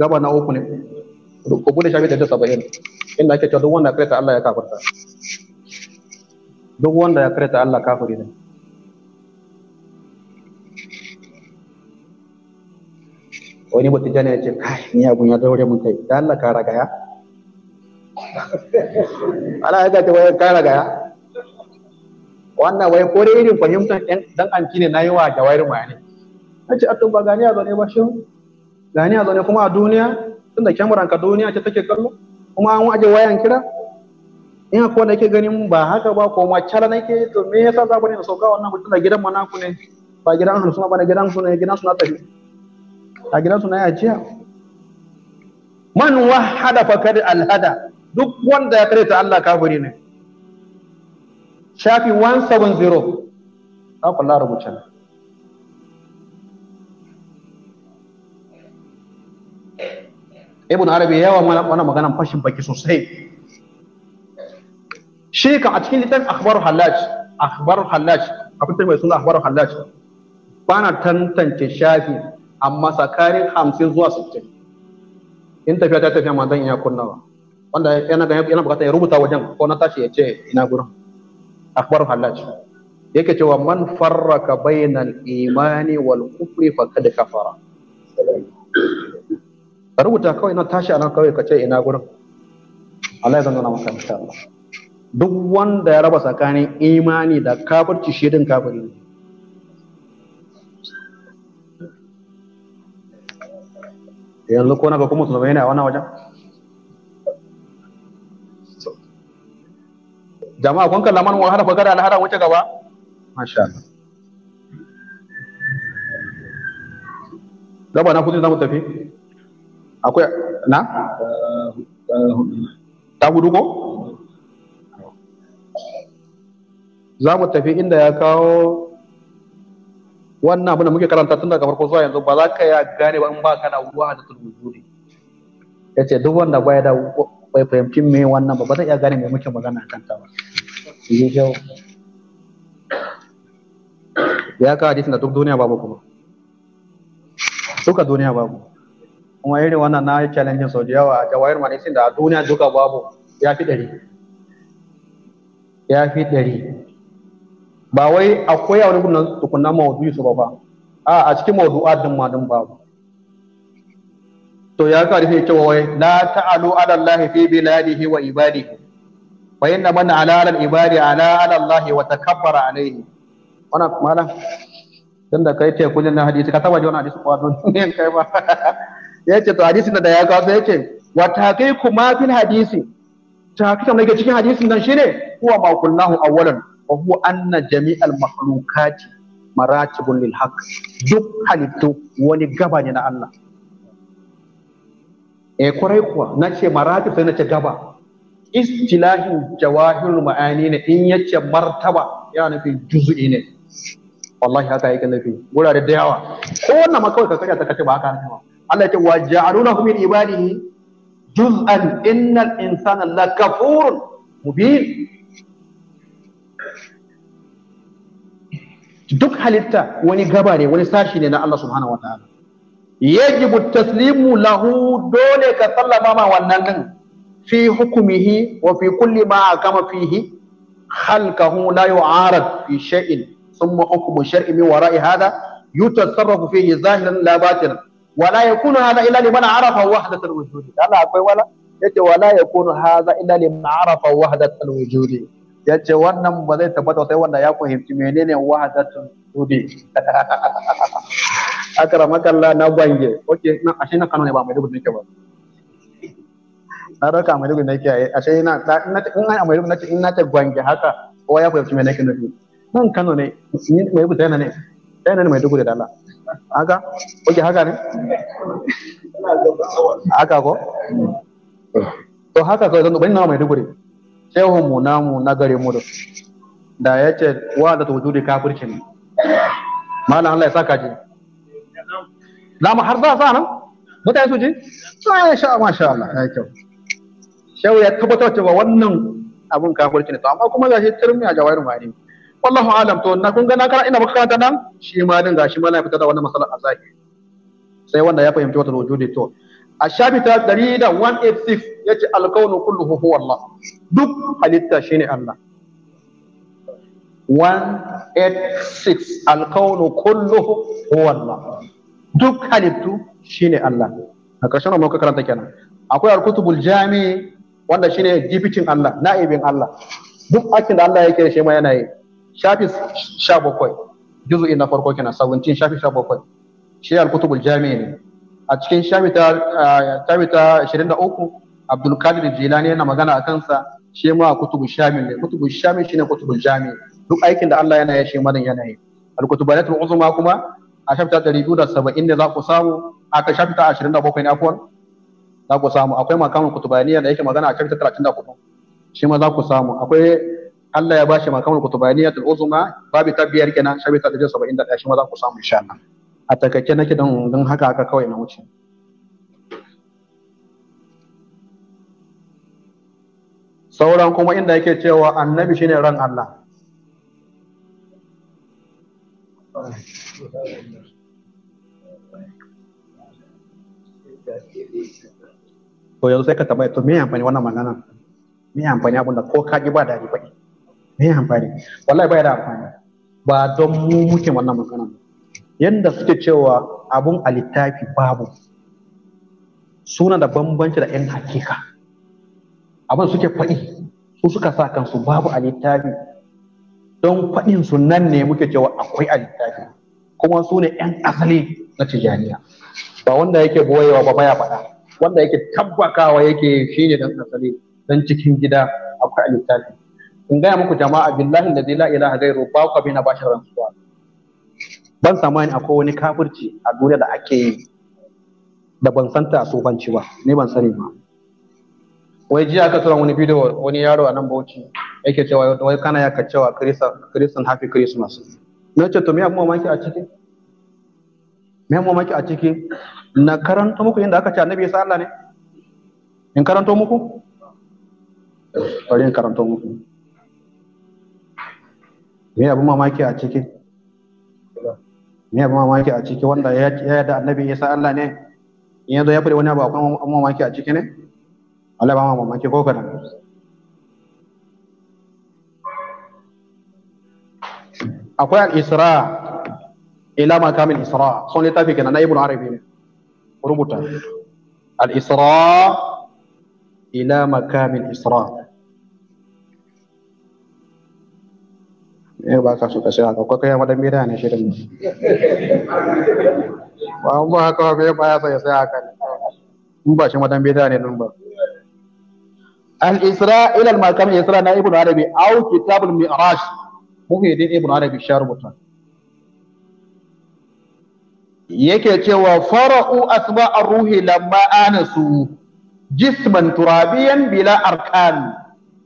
gaba na uku ne ko bude shafi da saba'in inda ake cewa duk wanda ya karanta Allah ya kafirta duk wanda ya karanta Allah kafiri ne wani bata jana ya ce kai ni abun ya daure mun kai da Allah ka ragaya Allah ya ta wayar ka ragaya wannan wai kore irin fahimtar dan anti ne nayi wa wayar ma ne ce a tun ba gani a zaune ba shin gani a zaune kuma a duniya tunda kyamaran ka duniya ce take kallo kuma an waje wayan kira in akwai wanda ke ganin ba haka ba ko macara nake to me yasa za ku ne sauka wannan mutum da gidan manaku ne ba gidan hansu ba ne gidan su ne gidan su na tafi a gidansu na ajiya man wahada fakar alhada duk wanda ya ta Allah kafiri ne shafi 170 za ku rubuce ibn arabi yawa wannan maganan fashin baki sosai shi ka a cikin litan akhbaru halaj akhbaru halaj abin da mai suna akhbaru halaj bana tantance shafi amma tsakanin hamsin zuwa sittin in tafiya ta tafiya ma zan iya kunnawa wanda yana ga yana bukata ya rubuta wajen ko na tashi ya ce ina gurin akbar halaj yake cewa man farraka bainal imani wal kufri faqad kafara ka rubuta kawai na tashi a nan kawai ka ce ina gurin Allah ya zana na maka insha Allah duk wanda ya raba tsakanin imani da kafirci shi din kafiri ne yanzu ko na ga kuma musulmai ne a wani wajen jama'a kun kalla wani harafa bagara alhara wuce gaba masha Allah gaba na kudu za mu tafi akwai na ta hudu ko za mu tafi inda ya kawo wannan abin da muke karanta tun daga farko zuwa yanzu ba za ka ya gane ba in ba kana wa da tulwujudi ya ce duk wanda baya da bai fahimci me wannan ba ba zai iya gane me muke magana kan ta ba ya ka hadisin da duk duniya babu kuma duka duniya babu kuma irin wannan na yi challenging sau da yawa jawayar manisin da duniya duka babu ya fi ɗari ya fi ɗari ba wai akwai wani gudun tukunan mawudu su ba ba a a cikin mawudu'a din ma din babu to ya ka sai cewa wai la ta'alu ala allahi fi biladihi wa ibadihi wa inna man ala al ibadi ala ala allahi wa takabbara alayhi wana mala tun da kai teku na hadisi ka taba ji wani hadisi kwado ne kai ba ya ce to hadisin da ya kawo ya ce wa kai ma fil hadisi taqiqu da ke cikin hadisin nan shine huwa ma kullahu awwalan وهو أن جميع المخلوقات مراتب للحق دوك حالتو واني غبان ينا الله إيه كوري كوا ناكي مراتب لنا تغبا استلاح جواهر المعانين إن يتي مرتبة يعني في جزئين والله هكا يكا نفي ولا رديعوا كونا ما كوي تتكي تتكي باكا نفي الله يتي واجعلونه من إباده جزءا إن الإنسان لكفور مبين duk halitta wani gaba ne wani sashi ne na Allah subhanahu wataala Yaji taslimu lahu dole ka sallama ma wannan din fi hukumihi wa fi kulli ma kama fihi khalqahu la yu'arad fi shay'in thumma hukmu shar'i min wara'i hadha yutasarrafu fihi zahiran la batinan ولا يكون هذا الا arafa عرف وحده الوجود Allah akwai wala. yace wala yakunu hadha illa liman arafa wahdat alwujud ya ce wannan ba zai tabbata sai wanda ya fahimci menene wahadatun akara makalla na bange oke na ashe na kano ne ba mai dubu nake ba na raka mai dubu nake ashe na in na mai dubu nake in nake gwange haka ko ya fahimci me nake nufi nan kano ne mai dubu tana ne tana ne mai dubu da dala haka oke haka ne haka ko to haka ko zan ubin na mai dubu shehun mu namu na gare mu da da ya ce wa da wujudi kafirci ne malam Allah ya saka ji namu har za sa nan mutane su ji sai sha masha Allah ya kyau shehu ya tabbatar cewa wannan abun kafirci ne to amma kuma gashi turmi a jawairin ma'ani wallahu alam to na kun ga na kana ina baka karanta nan shi ma din gashi ma ya fitar da wannan masalar a zahiri sai wanda ya fahimci wata wujudi to a shafi ta 186 yace alkaunu kulluhu huwa Allah duk halitta shi ne Allah 186 alkaunu kulluhu huwa Allah duk halittu shi ne Allah a ƙarshen mu karanta kenan akwai alkutubul jami wanda ne gificin Allah na'ibin Allah duk akin da Allah yake da shi ma yana yi shafi 17 juzu'i na farko kenan 17 shafi 17 shi alkutubul jami ne a cikin shamita shamita 23 Abdul Qadir Jilani yana magana a kansa shi ma kutubu shamil ne kutubu shamil shine kutubu jami duk aikin da Allah yana yi shi madan yana yi alkutubanatul kutubanatul uzma kuma a shafta 270 ne za ku samu a ka shafta 27 ne afwan za ku samu akwai makamun kutubaniya da yake magana a shafta 34 shi ma za ku samu akwai Allah ya bashi kutubaniya tul uzma babu tabbiyar kenan shafta da shi ma za ku samu insha Allah a takaice nake don don haka haka kawai na wuce sauran kuma inda yake cewa annabi shine ran Allah to yanzu sai ka tambaya to me amfani wannan magana me amfani abunda ko kaji ba daɗi ba me amfani wallahi ya da amfani ba don mu muke wannan magana ba Yanda suke cewa abun a littafi babu suna da bambanci da 'yan hakika abin suke faɗi su suka sa kansu babu a littafi don faɗin su nan ne muke cewa akwai a littafi kuma su ne 'yan asali na tijaniya ba wanda yake boyewa ba baya faɗa wanda yake tabbakawa yake shi ne dan asali dan cikin gida akwai a littafi in gaya muku jama'a billahi da la'ila a gairu ba ku abin na bashin rantsuwa ban samani akwai wani kafirci a duniya da ake yi da ban santa a tsofanci ba ne ban sani ba wai jiya aka tura wani bidiyo wani yaro a nan bauchi yake cewa wai kana ya kacewa christian happy christmas na ce to me abin mamaki a ciki me abin mamaki a ciki na karanto muku inda aka ce annabi ya Allah ne in karanto muku bari in karanto muku me abin mamaki a ciki me abin mamaki a ciki wanda ya yada annabi isa Allah ne in yanzu ya fure wani abu akwai mamaki a ciki ne Allah ba mamaki ko kadan akwai al-isra ila makamin isra son littafi kenan na ibn arabi rubuta al-isra ila makamin isra eh ba ka so ka sai haka ko kai madan bida ne shirin ba ba haka ba ba ya sai sai ka in ba shi madan bida ne nan ba al-isra ila al-makam isra na ibnu arabi aw kitab al-mi'raj muhyiddin ibnu arabi mutan yake cewa fara'u asba ar-ruhi lamma anasu jisman turabiyan bila arkan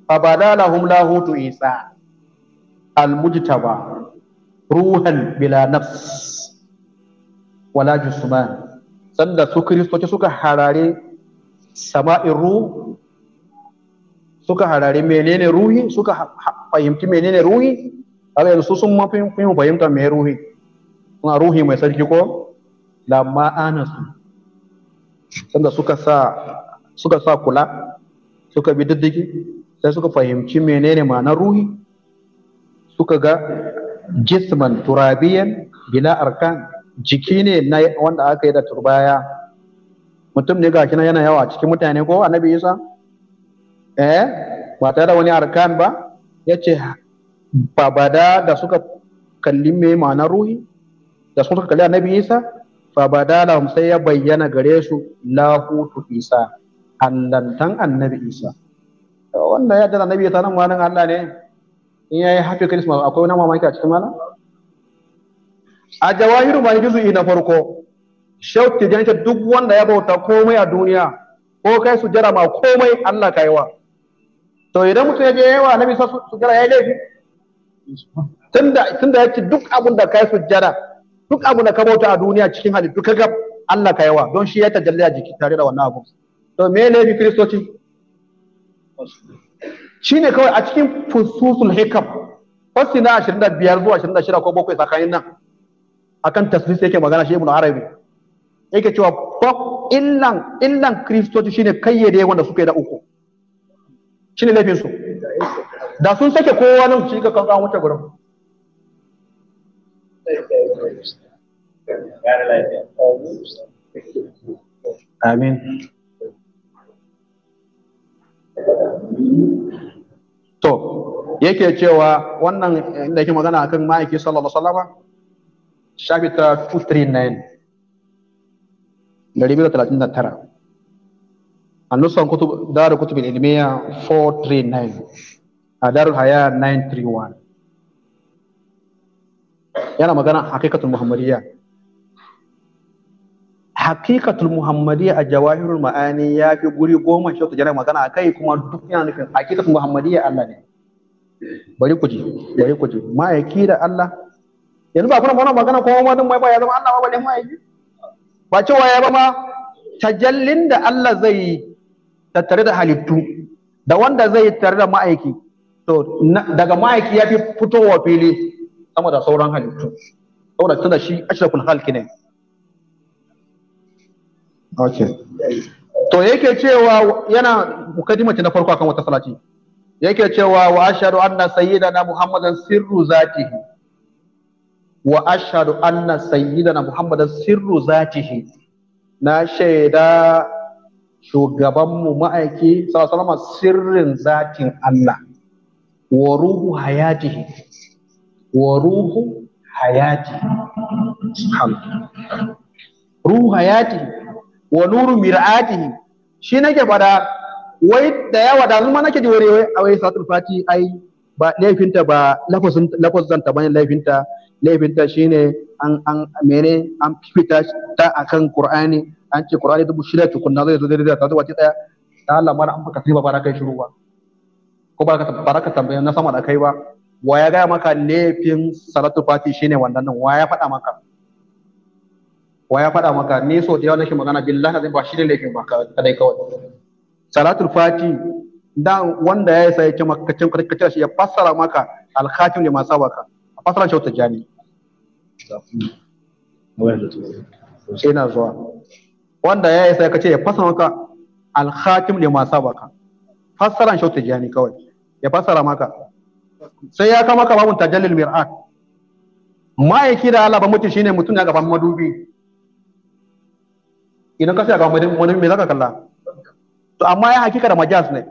fabalalahum lahu isa al-mujtaba ruhan bila nafs wala jisman sanda su suka harare sama'in ruhu suka harare menene ruhi suka fahimci menene ruhi kaga yanzu sun mafi fahimta mai ruhi suna ruhi mai sarki ko lamma anasu sanda suka sa kula suka bi diddigi sai suka fahimci menene ma'anar ruhi suka ga jisman turabiyan bina arkan jiki ne na wanda aka yi da turbaya mutum ne gashi na yana yawa cikin mutane ko annabi isa eh ba tare da wani arkan ba ya ce babada da suka kalli me ma'anar ruhi da suka kalli annabi isa Babada da sai ya bayyana gare su lahutu isa allantan annabi isa wanda ya da annabi isa nan wani allah ne in yayi yi happy christmas akwai wani mamaki a cikin mana? a jawahiru mai juzu'i na farko shauki janta duk wanda ya bauta komai a duniya ko kai su jara ma komai Allah ka yi wa to idan mutum ya je yawa na bisa su jara ya yi laifi tunda ya ce duk abun da kai su jara, duk abun da ka bauta a duniya cikin halittu ka ga Allah ka yi wa don shi ya tajalla jiki tare da wannan abu to me laifi kiristoci shine kawai a cikin fususul hikam fasti na 25 zuwa 26 ko bakwai tsakanin nan akan taslis yake magana shi ibnu arabi yake cewa illan illan kristoci shine kayyade wanda suka yi da uku shine laifin su da sun sake kowa nan shi ga kankan wuce gurin amin to yake cewa wannan inda yake magana akan ma'aiki sallallahu alaihi wasallam shafi ta 239 239 النسخة كتب دار الكتب العلمية 439 دار haya 931 yana magana hakikatul muhammadiyya hakikatul muhammadiyya a jawahirul ma'ani ya fi guri goma shi ta jana magana kai kuma duk yana nufin hakikatul muhammadiyya Allah ne bari ku ji bari ku ji ma'aiki da Allah yanzu ba kuna wannan magana kuma wani mai ba ya zama Allah ba balle ma'aiki ba cewa ya ba ma tajallin da Allah zai yi tattare da halittu da wanda zai tare da ma'aiki to daga ma'aiki ya fi fitowa fili sama da sauran halittu saboda tunda shi ashraful halki ne okay to yake cewa yana mukaddimati na farko akan wata salati yake cewa wa ashhadu anna sayyidana muhammadan sirru zatihi wa ashhadu anna sayyidana muhammadan sirru zatihi na shaida shugabanmu ma'aiki sallallahu sirrin zatin Allah wa ruhu hayatihi wa ruhu hayatihi ruhu hayatihi wa nuru mir'atihi shi nake fada wai da yawa da zuma nake jiware wai a wai satul fati ai ba laifinta ba lafazin lafasin ta bane laifinta laifinta shine an an mene an fita ta akan qur'ani an ce qur'ani dubu shida tukunna zai zo da ta zuwa ci daya da Allah mara an baka sai ba bara kai shiru ba ko ba ka tambaye na sama da kai ba wa ya gaya maka laifin salatul fati shine wannan wa ya faɗa maka wa ya faɗa maka ne so da yawa nake magana billahi azim ba shi ne laifin ba kadai kawai salatul fati da wanda ya isa yake maka cin karkace shi ya fassara maka alkhatim lima sabaka a fassara shi wata jami ina zuwa wanda ya sai kace ya fassara maka alkhatim lima sabaka fassara shi wata jami kawai ya fassara maka sai ya kama ka babun tajallil mir'at ma'aiki da Allah ba mutum shine mutum ya gaban madubi idan ka sai ga wani me zaka kalla to amma ya hakika da majas ne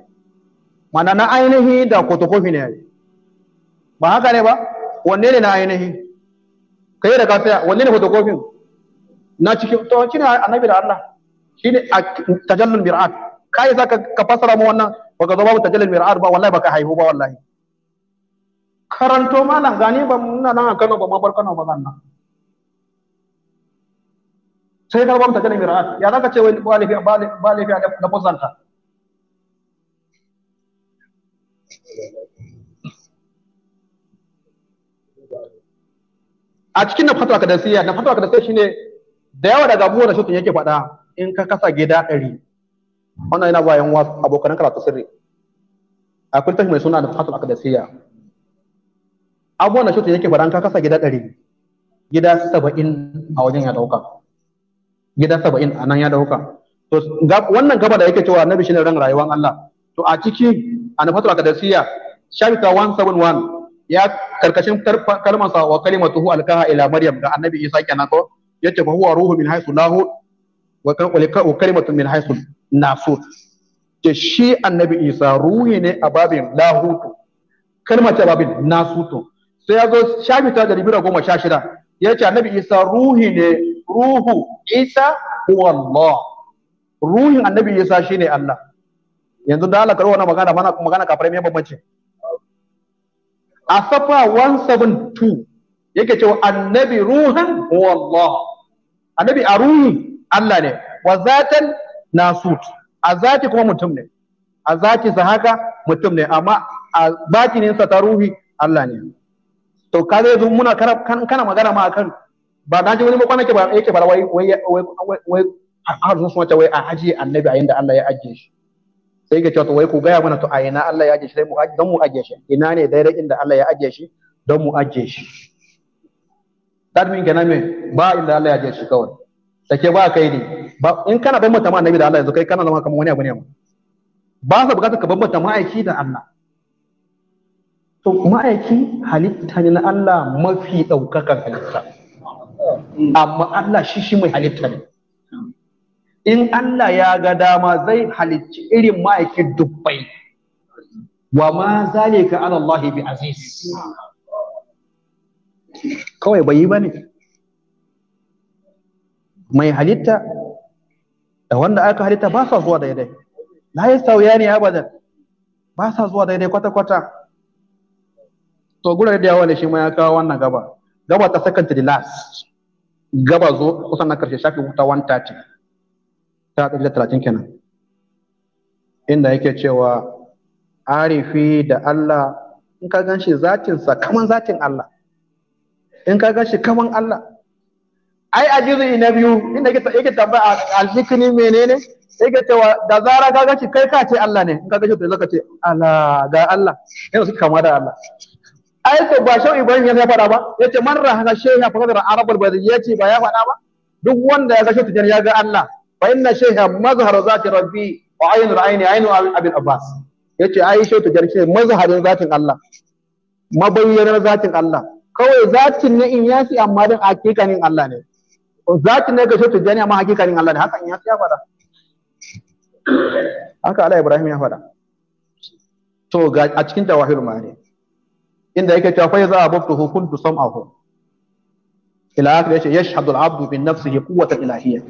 mana na ainihi da kotokofi ne yayi ba haka ne ba wanne ne na ainihi kai da ka saya wanne ne kotokofin na cikin to shine annabi da Allah shine tajallul mir'at kai saka ka fasara mu wannan Ba ka zo babu tajallul mir'at ba wallahi baka haihu ba wallahi karanto malam gani ba muna nan a Kano ba ma bar Kano ba nan sai ka ruwan ta jana ya zaka ce wai ba lafiya ba lafiya da fuzzanta a cikin na fatwa kadansiya na fatwa kadansiya shine da yawa daga abubuwan da shukun yake faɗa in ka kasa gida ɗari wannan yana bayan wasu abokan karatu sirri akwai tashi mai suna da fatwa kadansiya abubuwan da shukun yake faɗa in ka kasa gida ɗari gida saba'in a wajen ya ɗauka gida saba'in a nan ya dauka to wannan gaba da yake cewa annabi shine ran rayuwar Allah to a ciki a nafatul akadasiya shabika 171 ya karkashin kalmasa wa kalimatuhu alkaha ila maryam da annabi isa kenan ko yace fa huwa ruhu min haythu lahu wa kalimatu min haythu nasut ce shi annabi isa ruhi ne a babin lahutu kalmar ta babin nasutu sai ya zo shabita da ribira goma sha shida ya ce annabi isa ruhi ne ruhu isa huwa Allah ruhin annabi isa shine Allah yanzu da Allah karwa na magana mana magana kafare me bambanci a safa 172 yake cewa annabi ruhan huwa Allah annabi a ruhi Allah ne wa zatan nasut a zati kuma mutum ne a zati sa haka mutum ne amma a batinin sa ta ruhi Allah ne to kaga yanzu muna kana magana ma akan ba na ji wani ba ke ba yake bara wai wai wai har sun wata wai a haji annabi a yanda Allah ya ajiye shi sai yake cewa to wai ku gaya mana to a ina Allah ya ajiye shi mu don mu ajiye shi ina ne daidai inda Allah ya ajiye shi don mu ajiye shi that mean kenan me ba inda Allah ya ajiye shi kawai sake ba kai ne ba in kana bambanta ma annabi da Allah yanzu kai kana zama kamar wani abu ne ba sa bukatar ka bambanta ma'aiki da Allah to ma'aiki halitta ne na Allah mafi ɗaukakan halitta amma Allah shi shi mai halitta ne in Allah ya ga dama zai halicci irin ma'aikin dubbai wa ma zalika ala Allah bi aziz kawai bai yi bane mai halitta da wanda aka halitta ba sa zuwa daidai la sauya ne abadan ba sa zuwa daidai kwata kwata to gurar da yawa ne shi ma ya kawo wannan gaba gaba ta second to the last gaba zo kusan na karshe shafi wuta 130 ta ɗari da talatin kenan inda yake cewa arifi da Allah in ka gan shi zatinsa kaman zatin Allah in ka gan shi kaman Allah ai a jizu na biyu inda yake tambaya alfikini menene yake cewa da zara ka gan shi kai ka ce Allah ne in ka gan shi to zaka ce Allah ga Allah yana suka kama da Allah aiko ba shau ibrahim ya faɗa ba Ya ce man rahana shayha fa qadara arabul ya ce ba ya faɗa ba duk wanda ya ga shau tijan ya ga Allah fa inna shayha mazhar zati rabbi wa ainul aini ainu abin abbas ce ai shau tijan shi mazharin zatin Allah mabayyanar zatin Allah kawai zatin ne in yasi amma din hakikanin Allah ne zatin ne ga shau tijan amma hakikanin Allah ne haka in yasi ya faɗa haka Allah Ibrahim ya faɗa to a cikin tawahir ma ne inda yake cewa bafta hukun abaftuhu sam ahu ila aka yace yashhadu al-abdu bi nafsihi quwwata ilahiyya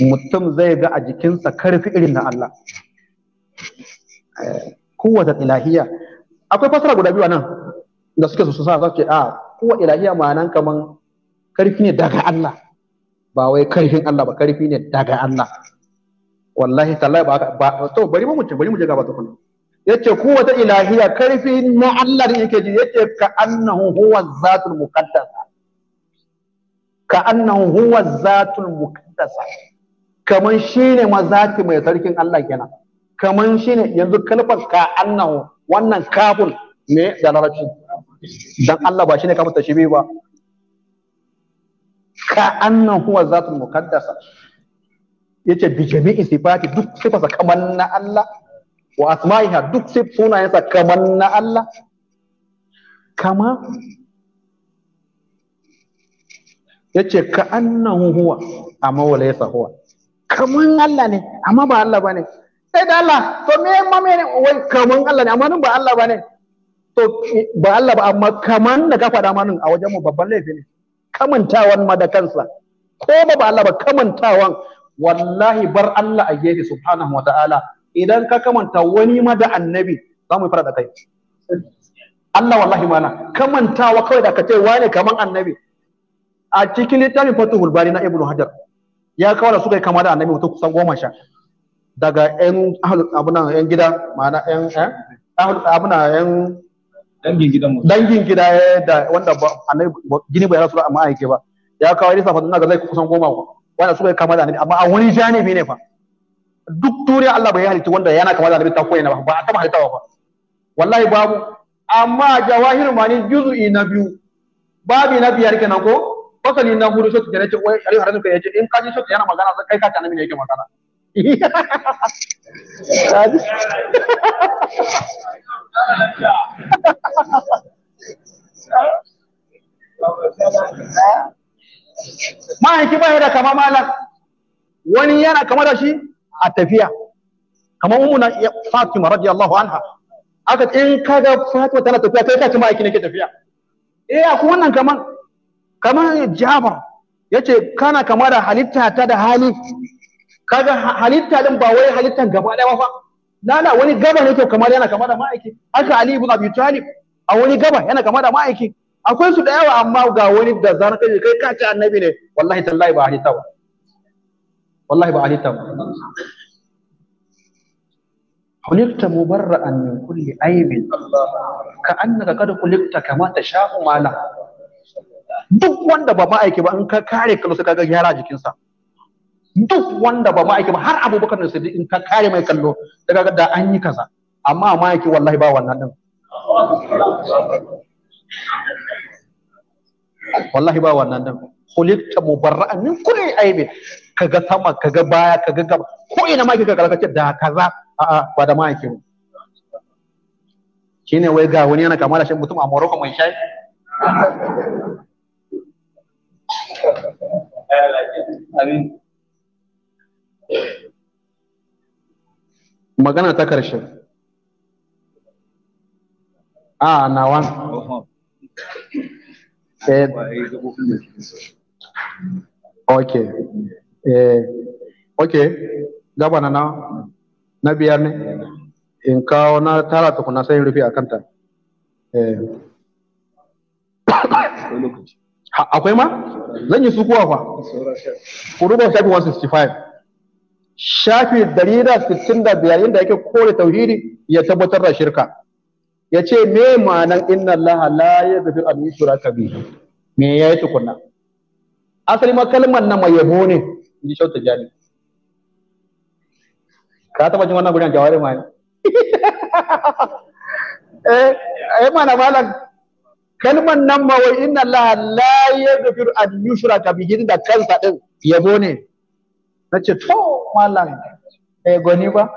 mutum zai ga a jikinsa karfi irin na Allah eh, quwwata ilahiyya akwai fasara guda biyu nan da suke su sa za su ce a ah, kuwa ilahiyya ma'anan kaman karfi ne daga Allah ba wai karfin Allah ba karfi ne daga Allah wallahi tallahi ba to bari mu mutum bari mu je gaba tukuna yace kuwata ilahiya karfi na Allah ne yake ji yace ka annahu huwa zatul muqaddasa ka annahu huwa zatul muqaddasa kaman shine mazati mai sarkin Allah kenan kaman shine yanzu kalfar ka annahu wannan kafun ne da larabci dan Allah ba shine kafin bi ba ka annahu huwa zatul muqaddasa yace bi jami'i sifati duk sifarsa kaman na Allah wa asma'iha duk sai sunayensa kaman na Allah kama yace ka annahu huwa amma walaysa huwa kaman Allah ne amma ba Allah bane sai da Allah to me ma me wai kaman Allah ne amma nan ba Allah bane to ba Allah ba amma kaman da ka faɗa manin a wajen mu babban laifi ne kamantawan ma da kansa ko ba ba Allah ba kamantawan wallahi bar Allah a gefe subhanahu wa ta'ala idan ka kamanta wani ma da annabi za mu fara da kai Allah wallahi mana kamantawa kawai da ka ce kaman annabi a cikin littafin fatuhul bari na ibnu hajar ya kawo da suka yi kama da annabi wato kusan goma sha daga yan abuna yan gida ma'ana yan eh, abuna yan dangin gidan mu dangin gida eh, da wanda annabi gini bai rasu amma ke ba ya kawo lissafin na ga zai kusan goma wanda suka yi kama da annabi amma a wani janibi ne fa duk duniya Allah bai halitta wanda yana kama da ta koyi na ba a taba halitta ba wallahi babu amma jawahir mani juz'i na biyu babi na biyar kenan ko fasali na gudu sai ta ce wai shari'a harin ka yace in ka ji sai yana magana sai kai ka tana mini yake magana ma'aiki ba ya da kama malam wani yana kama da shi a tafiya kamar na fatima radiyallahu anha aka in kaga fatima tana tafiya kai ka ci ma'aiki ke tafiya eh akwai wannan kaman kaman jabir yace kana kama da halitta ta da hali kaga halitta din ba wai halittan gaba daya ba na wani gaba ne to kamar yana kama da ma'aiki haka ali ibn abi talib a wani gaba yana kama da ma'aiki akwai su da yawa amma ga wani da zan kai kai ka ci annabi ne wallahi tallahi ba halitta ba wallahi ba halitta ba Kulikta hulikta mubarra'an min kulli aibin ka annaka kada kulikta kama ta sha'u mala duk wanda ba ma'aiki ba in ka kare kallo sai kaga gyara jikinsa duk wanda ba ma'aiki ba har abubakar da siddiq in ka kare mai kallo sai kaga da an yi kaza amma ma'aiki wallahi ba wannan din wallahi ba wannan din hulikta mubarra'an min kulli aibin kaga sama kaga baya kaga gaba ko ina ma kika ce da kaza a'a ba da ma yake mu shine wai ga wani yana kama da shi mutum a Morocco mai shayi magana ta karshe a nawa eh. Okay. eh, ok gabana na na biya ne in kawo na tara tukuna sai in rufe a kanta eh. akwai ma zan yi sukuwa fa ku duba shafi 165 shafi 165 inda yake kore tauhidi ya tabbatar da shirka ya ce me ma'anan inna Allah la yaghfir an yushraka bi me yayi tukunna asali ma kalmar nan mai yabo ne in ji shautar jami ka taba jin wannan gudan jawari ma eh ai eh, mana malam kalmar nan ma wai inna allaha la yaghfiru an yushraka bihi da kansa din yabo ne nace to malam eh goni ba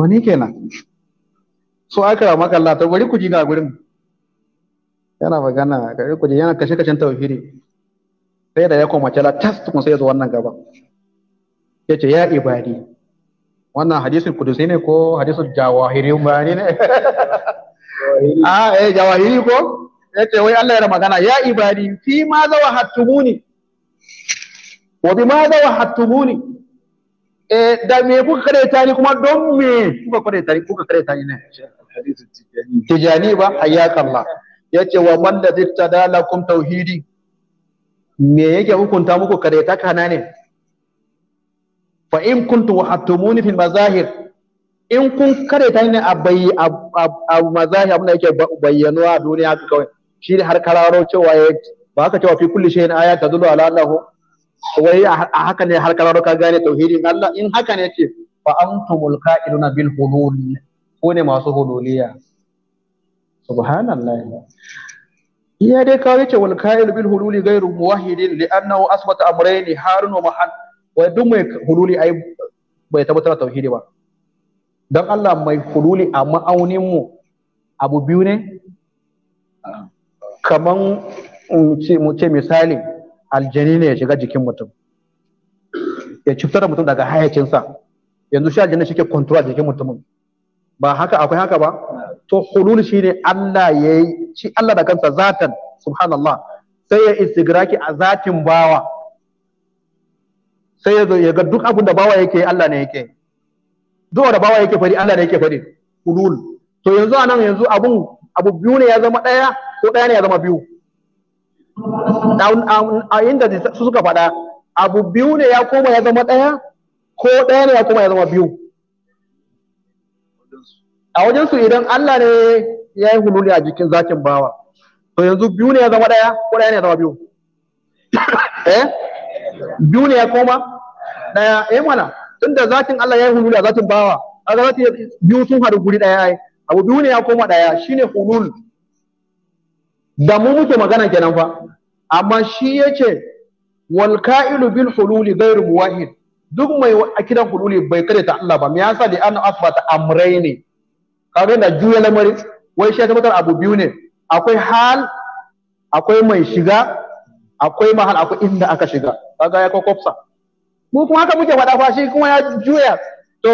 goni kenan so aka maka Allah to bari ku ji ga gurin yana magana ga ku ji yana kashe kashen tawfiri sai da ya koma la tas tukun sai ya zo wannan gaba ya ce ya ibadi wannan hadisin kudusi ne ko hadisin jawahiri bani ne a ah, eh jawahiri ko ya ce wai Allah ya magana ya ibadi fi ma zawa hattumuni wa bi ma zawa hattumuni eh da me kuka kare ni kuma don me kuka kare ni kuka kare ni ne tijani ba hayyakallah ce wa man da tadalakum tauhidi me yake hukunta muku kada ta na ne fa in kuntum wahattumuni fil mazahir in kun kare ta ne a bayi a mazahir abin da yake bayyano a duniya haka kawai shi har kararo cewa ya ba ka cewa fi kulli shay'in aya tadullu ala annahu wai a haka ne har kararo ka gane tauhidin Allah in haka ne ce fa antumul qa'iluna bil hulul ko ne masu hululiya subhanallahi iya dai kawo yake wal ka'il bil hululi ghairu muwahhidin li annahu asbata amrayn harun wa mahan wa duk mai hululi ai bai tabbatar tauhidi ba dan Allah mai hululi a ma'aunin mu abu biyu ne kaman mu ce misali aljani ne ya shiga jikin mutum ya ciftar mutum daga hayacinsa yanzu shi aljani shi ke control jikin mutumin ba haka akwai haka ba to hulul shine Allah yayi shi Allah da kansa zatan subhanallah sai ya istigraki a zatin bawa sai ya zo ya ga duk abin da bawa yake Allah ne yake duk da bawa yake fari Allah ne yake fari hulul to yanzu anan yanzu abun abu biyu ne ya zama daya ko daya ne ya zama biyu a inda su suka faɗa abu biyu ne ya koma ya zama daya ko daya ne ya koma ya zama biyu a wajen su idan Allah ne ya yi hululi a jikin zakin bawa to yanzu biyu ne ya zama daya ko daya ne ya zama biyu eh biyu ne ya koma daya eh mana tunda zakin Allah ya yi hululi a zakin bawa a zakin biyu sun haɗu guri daya ai abu biyu ne ya koma daya shine hulul da mu muke magana kenan fa amma shi yace wal ka'ilu bil hululi ghairu muwahid duk mai akidan hululi bai kare ta Allah ba me yasa da an asbata amrai ne kaga na juya lamarin wai shi ya tabbatar abu biyu ne akwai hal akwai mai shiga akwai mahal akwai inda aka shiga kaga ya kokofsa mu kuma haka muke faɗa fa shi kuma ya juya to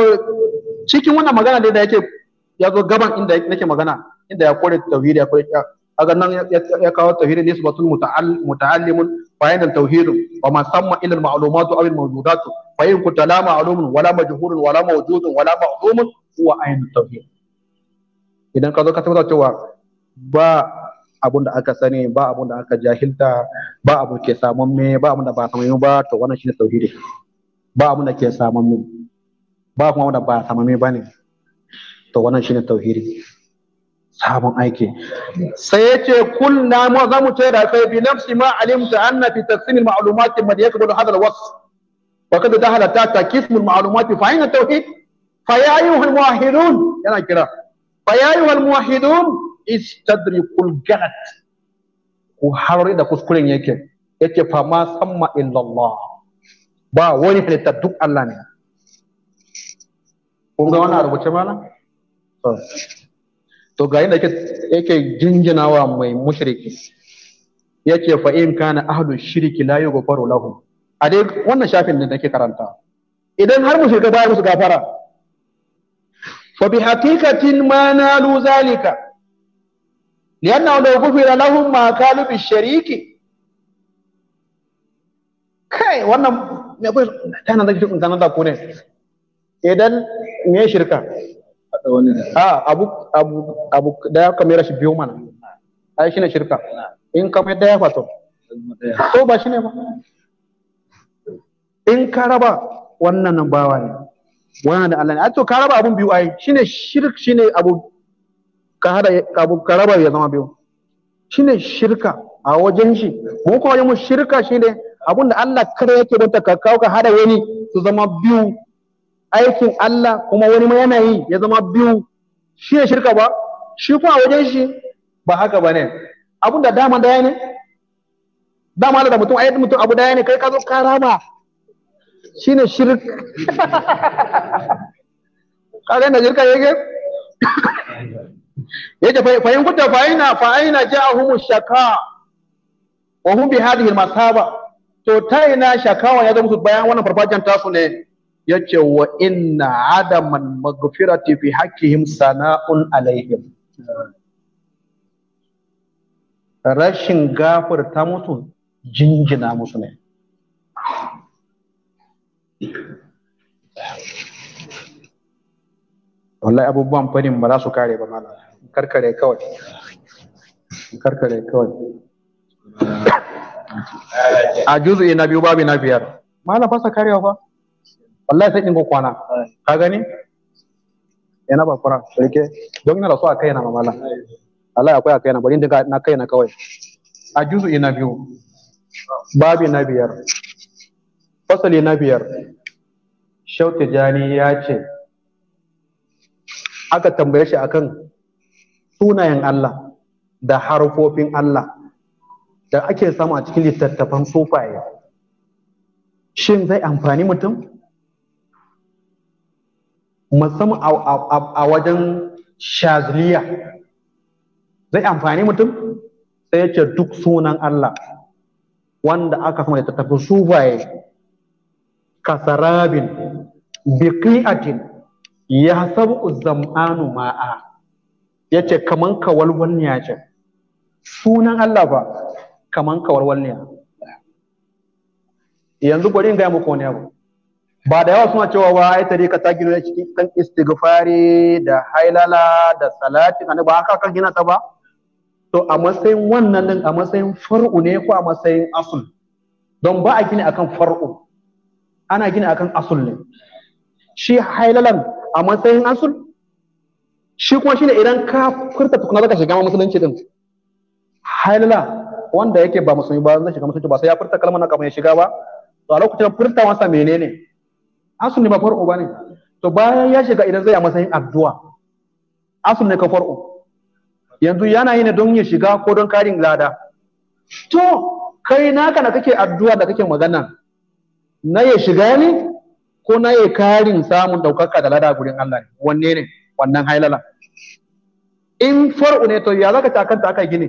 cikin wannan magana da yake ya zo gaban inda nake magana inda ya kore tauhidi ya kore kaga nan ya kawo tauhidi ne sabatu muta'al muta'allimun bayan al tauhid wa ma samma ila al ma'lumat aw al mawjudatu fa in kunta la ma'lumun wala majhulun wala mawjudun wala ma'lumun huwa ayin tauhid idan ka zo ka tabbatar cewa ba abun da aka sani ba abun da aka jahilta ba abun ke samun me ba abun da ba samun ba to wannan shine tauhidi ba abun da ke samun me ba kuma wanda ba samun me bane to wannan shine tauhidi sabon aiki sai ya ce ma za mu da sai bi nafsi ma alimta anna fi taqsim al-ma'lumat man yakbulu hadha al-wasf wa kad dahala ta taqsim al-ma'lumat fa ayna tauhid fa ya ayyuhal al-muwahhidun yana kira ya ayyuhal muwahhidun istadrikul galat ku harori da kuskuren yake yake fa ma samma illallah ba wani halitta duk Allah ne kun ga wannan rubuce mana to ga inda yake jinjinawa mai mushriki yake fa in kana ahlu shirki la yughfaru lahu a dai wannan shafin da nake karanta idan har mushrika ba musu gafara fa bi haqiqatin ma nalu zalika lianna law ghufira lahum ma kalu bi shariki wannan me ko tana da shi da kone idan me shirka a abu abu abu da ka mera shi biyo mana ai shirka in ka mai da ya to ba shine ba in ka raba wannan bawa ne wannan da Allah ne to ka raba abun biyu ai shine shirk shine abu ka hada ka raba ya zama biyu shine shirka a wajen shi mu ko wajen mu shirka shine abun da Allah kare yake don ta kawo ka hada wani su zama biyu aikin Allah kuma wani ma yana yi ya zama biyu shine shirka ba shi kuma a wajen shi ba haka bane. abun da dama daya ne dama da mutum ayyadda mutum abu daya ne kai ka zo ka raba shine shirk kaga na jirka yake yake fahim kuta fayina fa'ina ja'ahum shaka wa hum bi hadhihi al-masaba to ta ina shakawa ya zama bayan wannan farfajan tasu ne yace wa inna adaman maghfirati fi haqqihim sana'un alaihim rashin gafarta musu jinjina musu ne wallahi abubuwan fadin ba za su kare ba mala karkare kawai karkare kawai a juzu'i na biyu babu na biyar mala fasa karewa ba wallahi sai in ko kwana ka gani yana ba fara rike don yana da so a kai na mamala Allah akwai a kai na bari na kai na kawai a juzu'i na biyu babu na biyar fasali na biyar Shauti jani ya ce aka tambaye shi akan sunayen Allah da harfofin Allah da ake samu a cikin littattafan sufaye shin zai amfani mutum musamman a wajen shazliya zai amfani mutum sai ya ce duk sunan Allah wanda aka samu littattafan sufaye kasarabin biqi'atin sabu zam'anu ma'a yace kaman kawalwal ne yace sunan Allah ba kaman kawalwal ne yanzu bari in ga muku wani abu ba da yawa suna cewa wa ai tarika ta gina cikin kan istighfari da hailala da salati ne ba haka kan gina ta ba to a matsayin wannan din a matsayin far'u ne ko a matsayin asul don ba a gina akan far'u ana gina akan asul ne shi hailalan a matsayin asul shi kuma shine idan ka furta tukuna zaka shiga musulunci din hailala wanda yake ba musulmi ba zai shiga musulunci ba sai ya furta kalmar na kafin ya shiga ba to a lokacin furta wasa menene asul ne ba far'u ba ne to bayan ya shiga idan zai a matsayin addu'a asul ne ka far'u yanzu yana yi ne don ya shiga ko don karin lada to kai naka da kake addu'a da kake magana na ya shiga ne ko na ya karin samun ɗaukaka da lada gurin Allah ne wanne ne wannan hailala in far'u ne to ya zaka ta kanta aka gine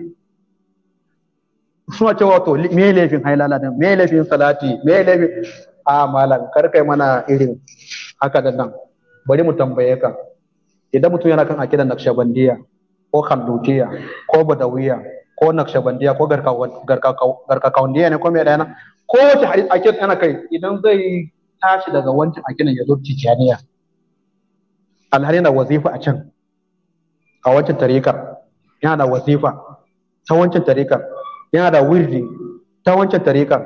suna cewa to me laifin hailala din me laifin salati me laifin a malam kar kai mana irin haka da nan bari mu tambaye ka idan mutum yana kan akidan nakshabandiya ko kandutiya ko badawiya ko nakshabandiya ko garkakawandiya ne ko me ɗaya kowace hadith akid ana kai idan zai tashi daga wancan akidan ya zo tijaniya alhali na wazifa a can a wancan tarikar yana da wazifa ta wancan tarikar yana da wirdi ta wancan tarikar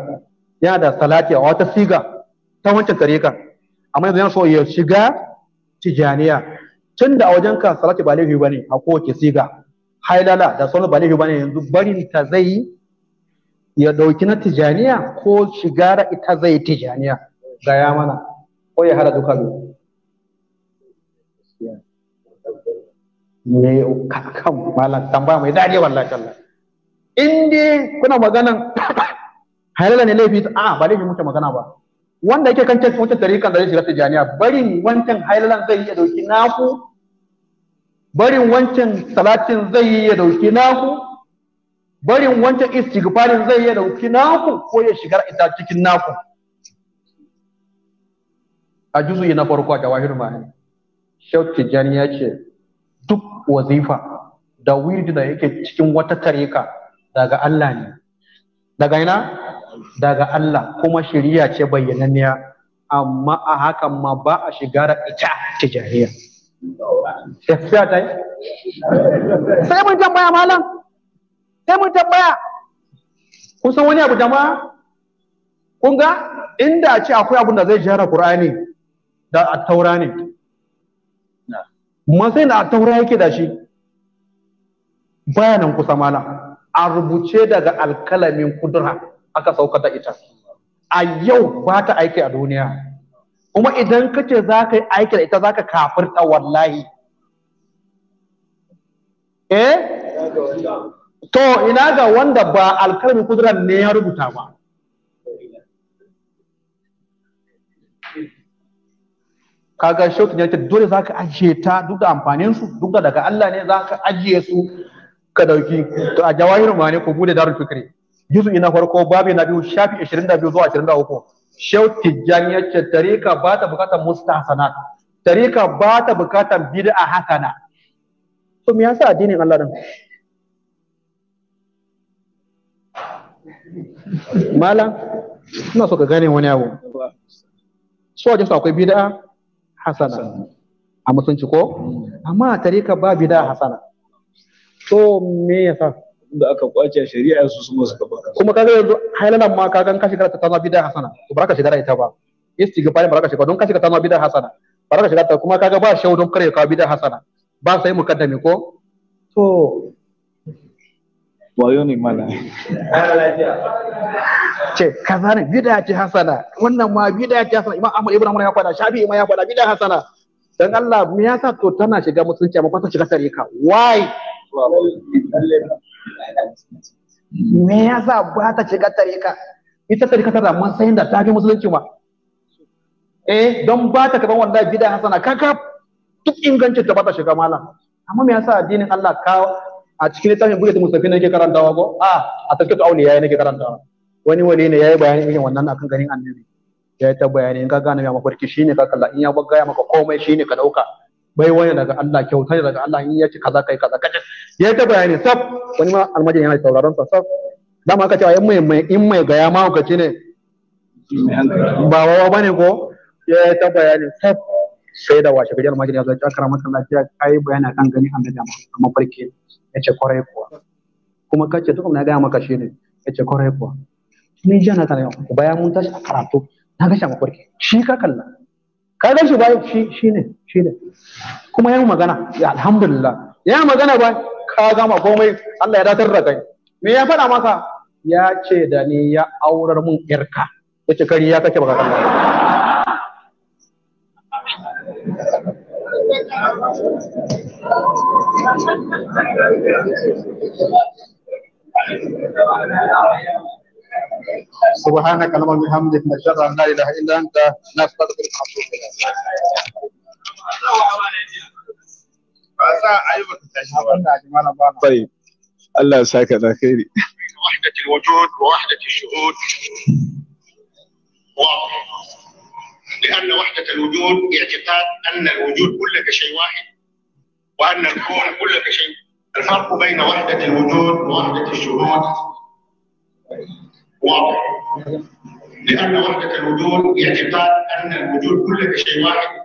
yana da salati a wata siga ta wancan tarikar amma yanzu yana so ya shiga tijaniya tun da a wajen ka salati ba laifi ne a kowace siga hailala da sauran ba laifi ne yanzu barin ta zai ya ɗauki na tijaniya ko shigara ita zai tijaniya gaya mana ko ya hada duka biyu ne kan malam tamba mai dadi wallahi kallah in dai kuna maganan halala ne laifi a ba laifi muke magana ba wanda yake kan cikin wancan tarikan da zai shiga tijaniya barin wancan halalan zai iya dauki naku barin wancan salatin zai iya dauki naku barin wancan istighfarin zai yi dauki naku ko ya shiga ita cikin naku a juzu na farko a jawahir ma'ani Sheikh Tijjani ya ce duk wazifa da wirdi da yake cikin wata tarika daga Allah ne daga ina daga Allah kuma shari'a ce bayyananniya amma a hakan ma ba a shiga da ita tijariya sai mun baya malam sai mun tambaya kun san wani abu jama'a kun ga inda a ce akwai abin da zai jara qur'ani da taura ne matsayin da attaura yake da shi bayanan kusa mana. a rubuce daga alkalamin kudura aka saukata ita a yau ba ta aiki a duniya kuma idan ka ce za ka yi aiki da ita za ka kafirta wallahi eh to ina ga wanda ba alkalmi kudura ne ya rubuta ba kaga shautin ya ce dole za ka ajiye ta duk da amfanin su duk da daga Allah ne za ka ajiye su ka dauki to a jawahirin ma ne ku bude darul fikri juzu ina farko babu na biyu shafi 22 zuwa 23 shautin jan ya ce tarika ba ta bukata mustahsana tarika ba ta bukata bid'a hasana to me yasa addinin Allah din malam suna so ka gane wani abu su wajen su akwai bid'a hasana a musulunci ko amma a tarika ba bid'a hasana to me yasa da aka kwace shari'a su su masu gaba kuma kaga yanzu hailalan ma kagan kashi karata ta zama bid'a hasana to baraka ka shiga ita ba istighfar baraka ka shiga don ka shiga ta zama bid'a hasana Baraka ka shiga ta kuma kaga ba shaudun kare ka bid'a hasana ba sai mukaddami ko to wayo ne mana ce kaza ne bida ce hasana wannan ma bida ce hasana imam ahmad ibrahim ya kwada shafi ma ya kwada bida hasana dan Allah ya yasa to tana shiga musulunci amma ta shiga tarika why me yasa ba ta shiga tarika ita tarika tana matsayin da ta fi musulunci ma eh don ba ta kaban wallahi bida hasana kaka duk ingancin ta ba ta shiga malam amma me yasa addinin Allah ka a cikin littafin buɗe musafi ne nake karantawa ko a a tafkatu auliya nake karantawa wani wali ne yayi bayani irin wannan akan ganin annabi ya ta bayani in ka gane ya mafarki shine ka kalla in ya ya maka komai shine ka dauka bai wani daga Allah kyauta daga Allah in ya ci kaza kai kaza kaje ya ta bayani sab wani ma almajin yana sauraron sa sab dama aka cewa in mai mai in mai gaya ma ka ce ne ba wawa bane ko ya ta bayani sab sai da washe gajiyar almajin ya zo ya kara masa lafiya kai bayani akan gani an da mafarki yace kwarai kuwa kuma kace duk na gaya maka shi ne yace kwarai kuwa ni jiya na tare yau bayan mun tashi a karatu na ga shi a mafarki shi ka kalla ka ga shi bai shi shi ne shi ne kuma yau magana ya alhamdulillah ya magana ba ka gama komai Allah ya datar da kai me ya faɗa maka ya ce da ni ya aurar mun yarka yace kari ya kake baka kalla سبحانك اللهم وبحمدك نشهد ان لا اله الا انت نستغفرك ونتوب اليك. طيب الله يسعدك خيري. وحدة الوجود ووحدة الشهود لأن وحدة الوجود اعتقاد أن الوجود كله كشيء واحد وأن الكون كله كشيء الفرق بين وحدة الوجود ووحدة الشهود واضح لأن وحدة الوجود اعتقاد أن الوجود كله كشيء واحد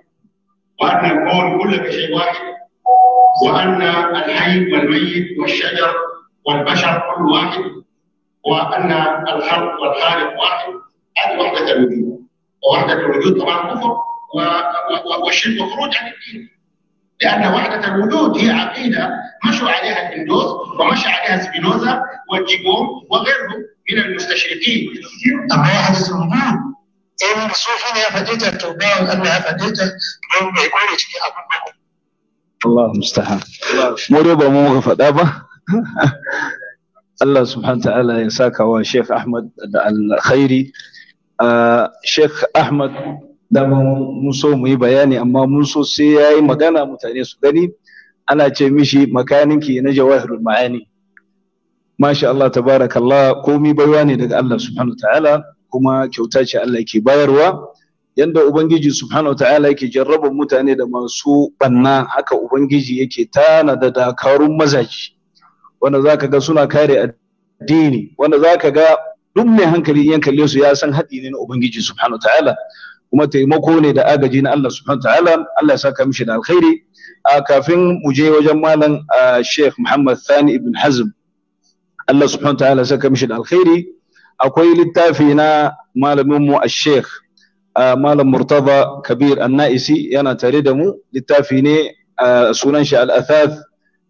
وأن الكون كله كشيء واحد وأن الحي والميت والشجر والبشر كل واحد وأن الخلق والخالق واحد هذه وحدة الوجود ووحدة الوجود طبعا كفر والشرك خروج عن الدين لأن وحدة الوجود هي عقيدة مشوا عليها الهندوس ومشى عليها سبينوزا والجيبوم وغيرهم من المستشرقين أما يحدث الوجود إن صوفنا فديتة تبين أنها فديتة يوم يقول الله المستعان مريبا مو مغفى Allah subhanahu ta'ala ya saka wa Sheikh Ahmad Sheikh Ahmad dama mun so mu yi bayani amma mun so sai ya yi magana mutane su gani ana ce mishi makaninki na jawahirul ma'ani masha Allah tabarakallah komi baiwa ne daga Allah subhanahu ta'ala kuma kyauta ce Allah ke bayarwa yanda ubangiji subhanahu ta'ala yake jarraba mutane da masu banna haka ubangiji yake tana da dakarun mazaji wanda zaka ga suna kare addini wanda zaka ga duk mai hankali yan kalle su ya san haɗi ne na ubangiji subhanahu ta'ala kuma taimako ne da agaji na Allah subhanahu ta'ala Allah ya saka mishi da alkhairi a kafin mu je wajen malam Sheikh Muhammad Thani ibn Hazm Allah subhanahu ta'ala ya saka mishi da alkhairi akwai littafi na malamin mu Sheikh malam Murtaza Kabir An-Na'isi yana tare da mu littafi ne sunan shi Al-Athath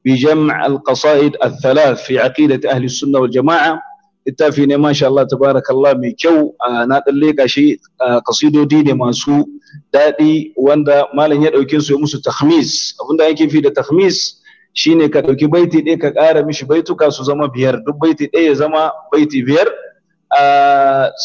بجمع القصائد الثلاث في عقيدة أهل السنة والجماعة littafi ne masha Allah tabarakallah mai kyau na dan leka shi kasidodi ne masu daɗi wanda malam ya ɗauki su ya musu tahmis abinda ake fi da tahmis shine ka ɗauki baiti ɗaya ka ƙara mishi baituka su zama biyar duk baiti ɗaya ya zama baiti biyar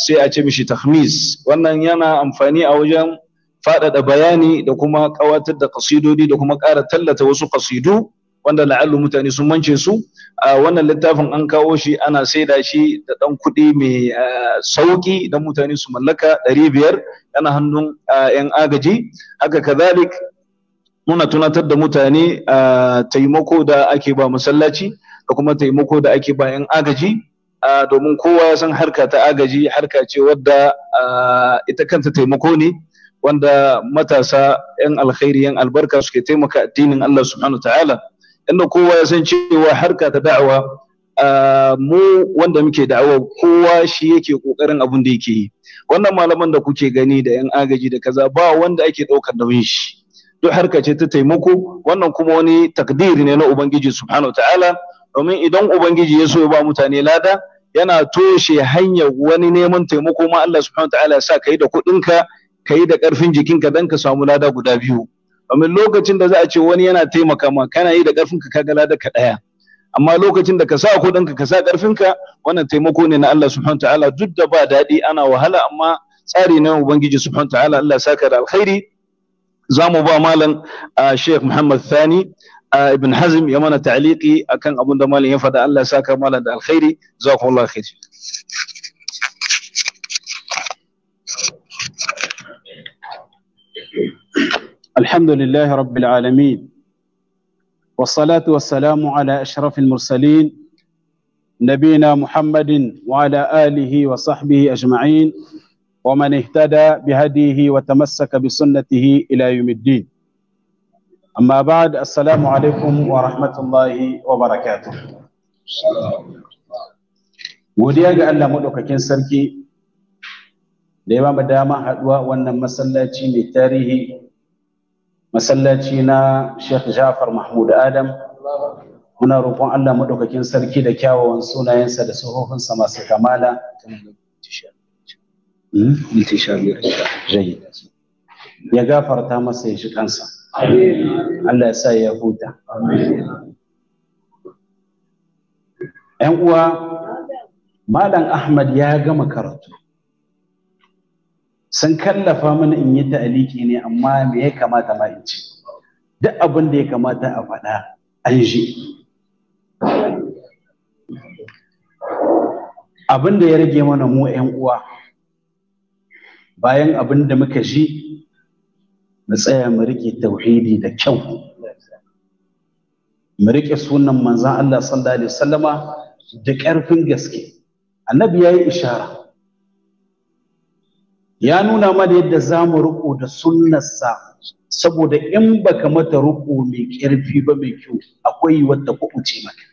sai a ce mishi tahmis wannan yana amfani a wajen faɗaɗa bayani da kuma ƙawatar da kasidodi da kuma ƙara tallata wasu kasidu wanda la'allu mutane sun mance su wannan littafin an kawo shi ana saida shi da ɗan kuɗi mai sauƙi don mutane su mallaka ɗari biyar yana hannun 'yan agaji haka kazalik muna tunatar da mutane taimako da ake ba masallaci da kuma taimako da ake ba 'yan agaji domin kowa ya san harka ta agaji harka ce wadda ita kanta taimako ne wanda matasa 'yan alkhairi 'yan albarka suke taimaka addinin Allah subhanahu ta'ala inda kowa ya san cewa harka ta da'awa mu wanda muke da'awa kowa shi yake kokarin abin da yake yi wannan malaman da kuke gani da yan agaji da kaza ba wanda ake daukar nauyin shi duk harka ce ta taimako wannan kuma wani takdiri ne na ubangiji subhanahu ta'ala domin idan ubangiji ya so ya ba mutane lada yana toshe hanyar wani neman taimako ma Allah subhanahu ta'ala ya sa kai da kuɗinka kai da ƙarfin jikinka dan ka samu lada guda biyu domin lokacin da za a ce wani yana taimaka ma kana yi da ƙarfinka ka ga ka ɗaya amma lokacin da ka sa kuɗinka ka sa ƙarfinka wannan taimako ne na Allah subhanahu ta'ala duk da ba daɗi ana wahala amma tsari na ubangiji subhanahu ta'ala Allah saka da alkhairi za mu ba malam Sheikh Muhammad Thani ibn Hazm ya mana ta'liqi akan abin da malam ya faɗa Allah saka malam da alkhairi jazakumullahu khair الحمد لله رب العالمين والصلاة والسلام على أشرف المرسلين نبينا محمد وعلى آله وصحبه أجمعين ومن اهتدى بهديه وتمسك بسنته إلى يوم الدين أما بعد السلام عليكم ورحمة الله وبركاته godiya ga Allah كن سركي لما ya ba mu dama haɗuwa masallaci na Sheikh Jafar Mahmud Adam muna roƙon Allah maɗaukakin sarki da kyawawan sunayensa da tsohofinsa masu kamala ya gafarta masa ya shi kansa Allah ya sa ya huta ‘yan uwa Malam Ahmad ya gama karatu sun kallafa mana in yi ta'aliki ne amma me ya kamata ma in ce duk abin da ya kamata a faɗa an ji abin da ya rage mana mu 'yan uwa bayan abin da muka ji mu tsaya mu rike tauhidi da kyau mu rike sunan manzan Allah sallallahu alaihi wasallama da ƙarfin gaske annabi ya yi ishara ya nuna mana yadda za mu riƙo da sunnarsa saboda in baka mata riƙo mai ƙarfi ba mai kyau akwai wadda kuɓuce maka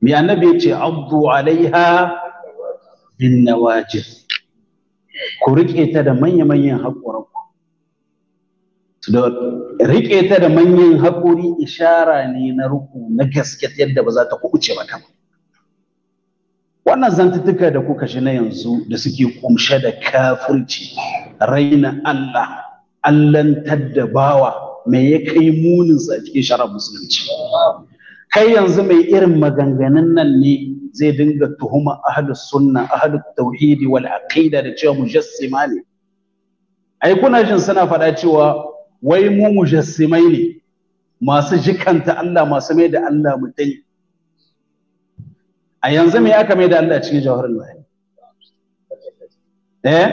mai annabi ya ce abdu alaiha bin nawajib ku riƙe ta da manya-manyan haƙoranku haƙori ishara ne na riƙo na gaske yadda ba za ta kuɓuce maka ba wannan zantuttuka da kuka shi na yanzu da suke kumshe da kafirci raina Allah Allah da bawa mai ya kai munin sa cikin shara musulunci kai yanzu mai irin maganganun nan ne zai dinga tuhuma ahlus sunna ahlut tauhidi wal aqida da cewa mujassima ne ai kuna jin suna faɗa cewa wai mu mujassimai ne masu jikanta Allah masu mai da Allah mutai a yanzu me aka mai da Allah cikin jawharul ma'ani eh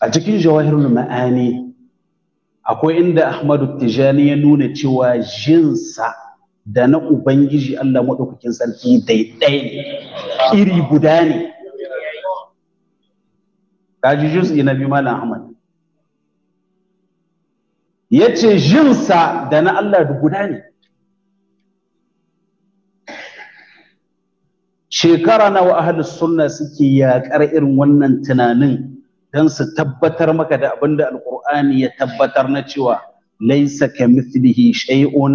a cikin jawahirul ma'ani akwai inda Ahmadu Tijani ya nuna cewa jinsa da na Ubangiji Allah maɗaukakin sarki daidai ne iri guda ne kaji yi na biyu malam Ahmad ya ce jinsa da na Allah guda ne shekara nawa ahlus sunna suke yakar irin wannan tunanin don su tabbatar maka da abinda alqur'ani ya tabbatar na cewa laisa kamithlihi shay'un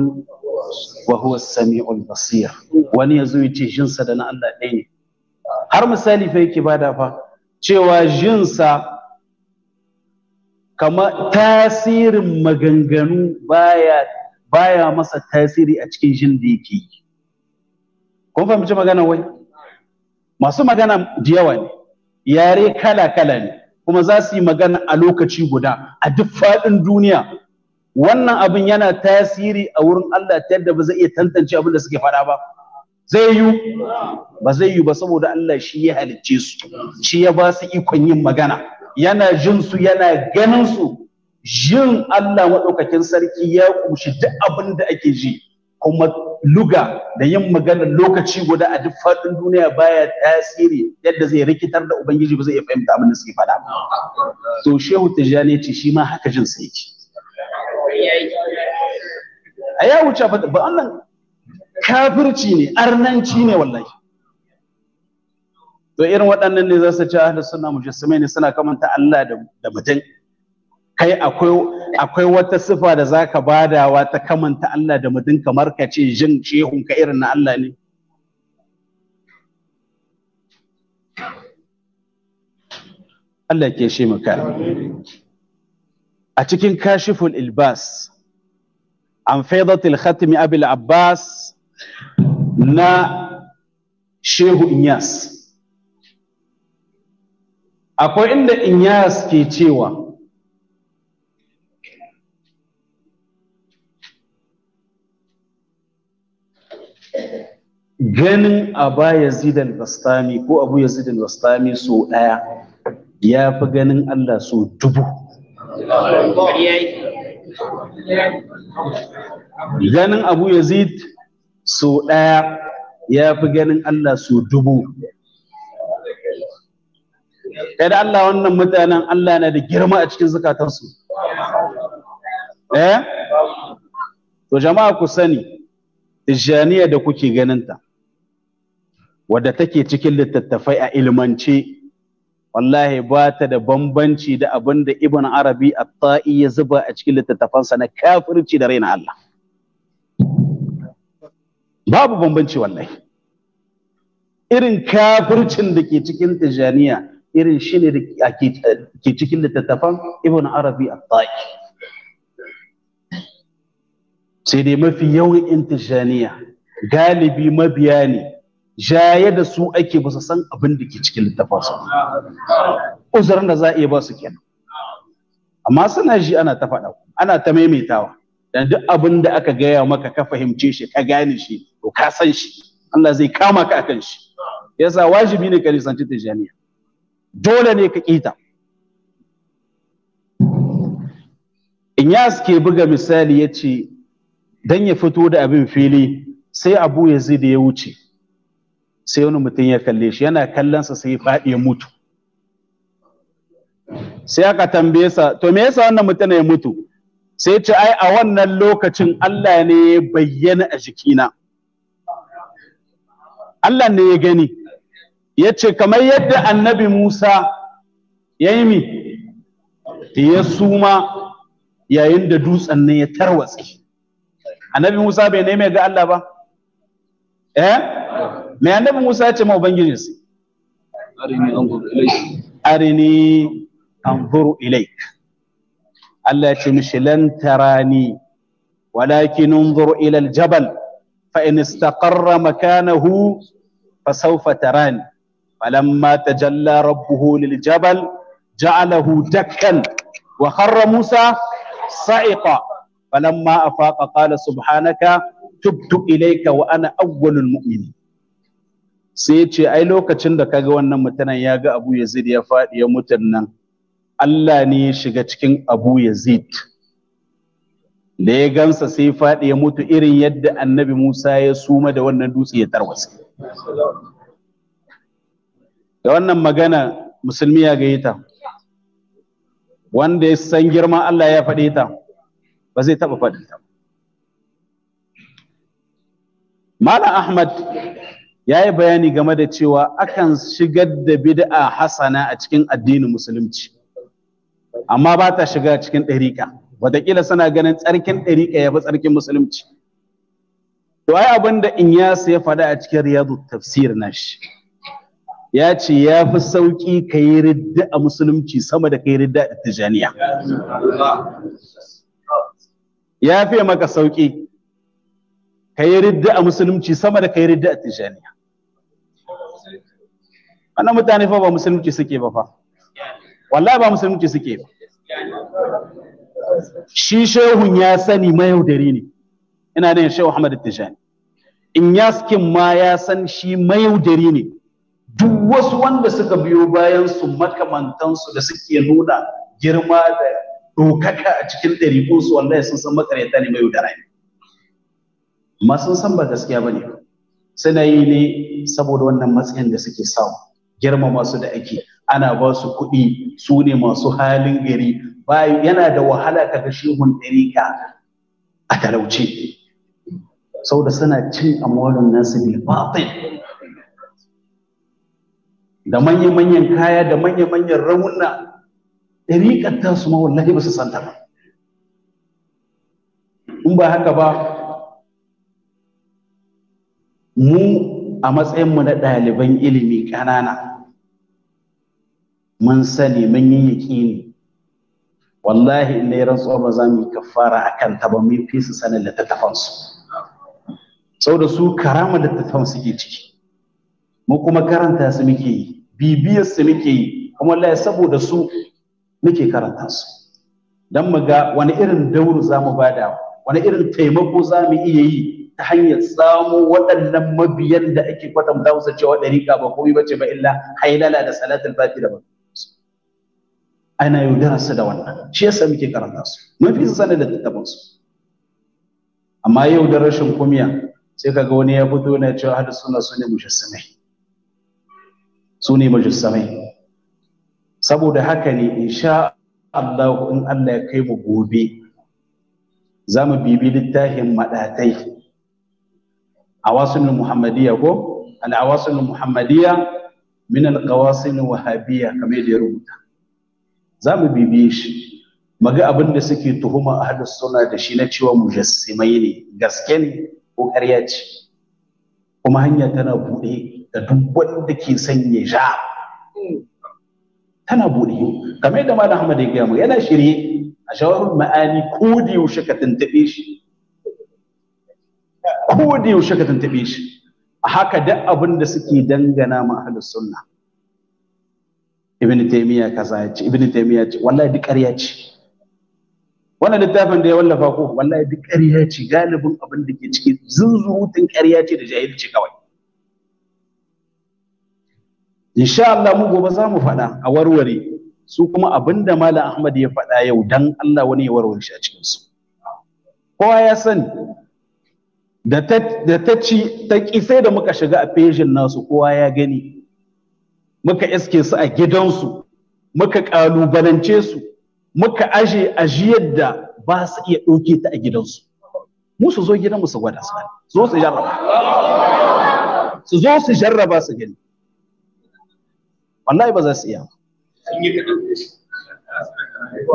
wa huwa as-sami'ul basir wani yazo ya ce jinsa da na Allah ɗaya ne har misali fa yake bada fa cewa jinsa kama tasirin maganganu baya baya masa tasiri a cikin jin da yake yi kun fahimci magana wai masu magana da yawa ne yare kala-kala ne kuma za su yi magana a lokaci guda a duk faɗin duniya wannan abin yana tasiri a wurin Allah ta yadda ba zai iya tantance abin da suke faɗa ba zai yi ba zai yi ba saboda Allah shi ya halicce su shi ya ba su ikon yin magana yana jin su yana ganin su jin Allah maɗaukakin sarki ya kushi duk abin da ake ji kuma luga da yin magana lokaci guda a duk faɗin duniya baya tasiri yadda zai rikitar da ubangiji ba zai iya fahimta abin da suke faɗa to shehu tijani ce shi ma haka jin sai ce a ya wuce ba wannan kafirci ne arnanci ne wallahi to irin waɗannan ne za su ci ahlus sunna mujassimai ne suna kamanta Allah da mutum kai akwai akwai wata sifa da za ka badawa ta kamanta Allah da mutum kamar ka ce jin ka irin na Allah ne? Allah ke shi muka. A cikin kashiful ilbas, an faidatul khatimi abil Abbas na Shehu Inyas. Akwai inda Inyas ke cewa, ganin aba yazid al-bastami ko abu yazid al-bastami so daya ya fi ganin Allah so dubu ganin abu yazid so daya ya fi ganin Allah so dubu kada Allah wannan mutanen Allah na da girma a cikin zukatarsu eh to jama'a ku sani tijjaniya da kuke ganinta ta wadda take cikin littattafai a ilmance wallahi ba ta da bambanci da abin da ibn arabi at-ta'i ya zuba a cikin littattafansa na kafirci da raina Allah babu bambanci wallahi irin kafircin da ke cikin tijaniya irin shi ne da ke cikin littattafan ibn arabi at-ta'i sai dai mafi yawan intijaniya galibi mabiya ne jaye da su ake ba su san abin da ke cikin su. uzurin da za a iya ba su kenan amma suna shi ana ta faɗa ana ta maimaitawa dan duk abin da aka gaya maka ka fahimce shi ka gane shi to ka san shi Allah zai kama ka akan shi yasa wajibi ne ka ta tijaniya dole ne ka kita ya ke buga misali ya ce don ya fito da abin fili sai abu ya da ya wuce sai wani mutum ya kalle shi yana kallonsa sai faɗi ya mutu sai aka tambaye sa to me yasa wannan mutum ya mutu sai ce ai a wannan lokacin Allah ne ya bayyana a jikina Allah ne ya gani ya ce kamar yadda annabi Musa ya yi mi ya suma yayin da dutsen ne ya tarwatsi annabi Musa bai neme ga Allah ba eh me annabi Musa ya ce ma ubangiji sai arini anzur ilaik arini anzur ilaik Allah ya ce mishi lan tarani walakin anzur ila aljabal fa in istaqarra makanahu fa sawfa tarani falamma tajalla rabbuhu liljabal ja'alahu dakkan wa kharra Musa sa'iqa falamma afaqa qala subhanaka tubtu ilayka wa ana awwalul mu'minin sai ya ce ai lokacin da kaga wannan mutanen ya ga abu yazid ya faɗi ya mutan nan Allah ne ya shiga cikin abu yazid da ya gansa sai ya faɗi ya mutu irin yadda annabi musa ya suma da wannan dutse ya tarwasa da wannan magana musulmi ya gaye ta wanda ya san girma Allah ya faɗe ta ba zai taɓa faɗi ta Malam Ahmad ya yi bayani game da cewa akan shigar da bid'a hasana a cikin addinin musulunci amma ba ta shiga cikin ɗariƙa wataƙila suna ganin tsarkin ɗariƙa ya fi tsarkin musulunci to ai abin da in ya faɗa a cikin riyadu tafsir nashi ya ce ya fi sauƙi ka yi ridda a musulunci sama da ka yi ridda a tijaniya ya fi maka sauƙi ka yi ridda a musulunci sama da ka yi ridda a tijaniya wannan mutane fa ba musulunci suke ba fa wallahi ba musulunci suke ba shi shehun ya sani mayaudari ne ina da shehu Ahmad Tijani in yaskin ma ya san shi mayaudari ne duk wasu wanda suka biyo bayan su makamantan su da suke nuna girma da dokaka a cikin ɗariƙun su wallahi sun san makareta ne mayaudari ne amma sun san ba gaskiya bane suna yi ne saboda wannan matsayin da suke samu girmama su da ake ana ba su kuɗi su ne masu halin gari bayan yana da wahala kaga shehun ka a talauce saboda suna cin amwarin nasu bil batil da manya-manyan kaya da manya-manyan ramuna, ɗariƙar ta su ma ba su santa ba in ba haka ba mu a matsayinmu na ɗaliban ilimi ƙanana mun sani mun yi yaƙini wallahi in dai rantsuwa ba za mu yi kafara akan ta ba mu fi su sanin littattafansu su da su karama littattafan ke ciki mu kuma karanta su muke yi bibiyar su muke yi kuma wallahi saboda su muke karanta su dan mu ga wani irin dauru za mu bada wani irin taimako za mu iya yi ta hanyar samu waɗannan mabiyan da ake kwatanta musu cewa ɗariƙa ba komai bace ba illa hailala da salatul fatiha ba ana yaudararsa da wannan shi yasa muke karanta su mafi fi da tattaban su amma yau da rashin kumiya sai kaga wani ya fito yana cewa hada suna su ne mujassamai su ne mujassamai saboda haka ne insha Allah in Allah ya kai mu gobe za mu bibi littafin madatai awasul muhammadiyya ko al awasul muhammadiyya min al qawasil wahabiyya kamar da ya rubuta za mu bibiye shi maga abin da suke tuhuma a hadis suna da shi na cewa mujassimai ne gaske ne ko ƙarya ce kuma hanya tana buɗe da duk wanda ke sanya ja tana buɗe kamar yadda malam Ahmad ya gaya mu yana shirye a shawarar ma'ani ko da yaushe ka tantabe shi ko da yaushe ka tantabe shi a haka duk abin da suke dangana ma hadis sunna ibn taymiya kaza ya ce ibn taymiya ce wallahi duk ƙarya ce wannan littafin da ya wallafa ko wallahi duk ƙarya ce galibin abin da ke ciki zunzurutun ƙarya ce da jahilci kawai insha Allah mu gobe za mu faɗa a warware su kuma abinda Malam Ahmad ya faɗa yau dan Allah wani ya warware shi a cikin su kowa ya sani da ta ci ta sai da muka shiga a pejin nasu kowa ya gani muka iske su a gidansu muka ƙalubalance su muka aje ajiyar da ba su iya ɗauke ta a gidansu mu su zo gidanmu su gwada su zo su jarraba su zo su jarraba su gani wallahi ba za su iya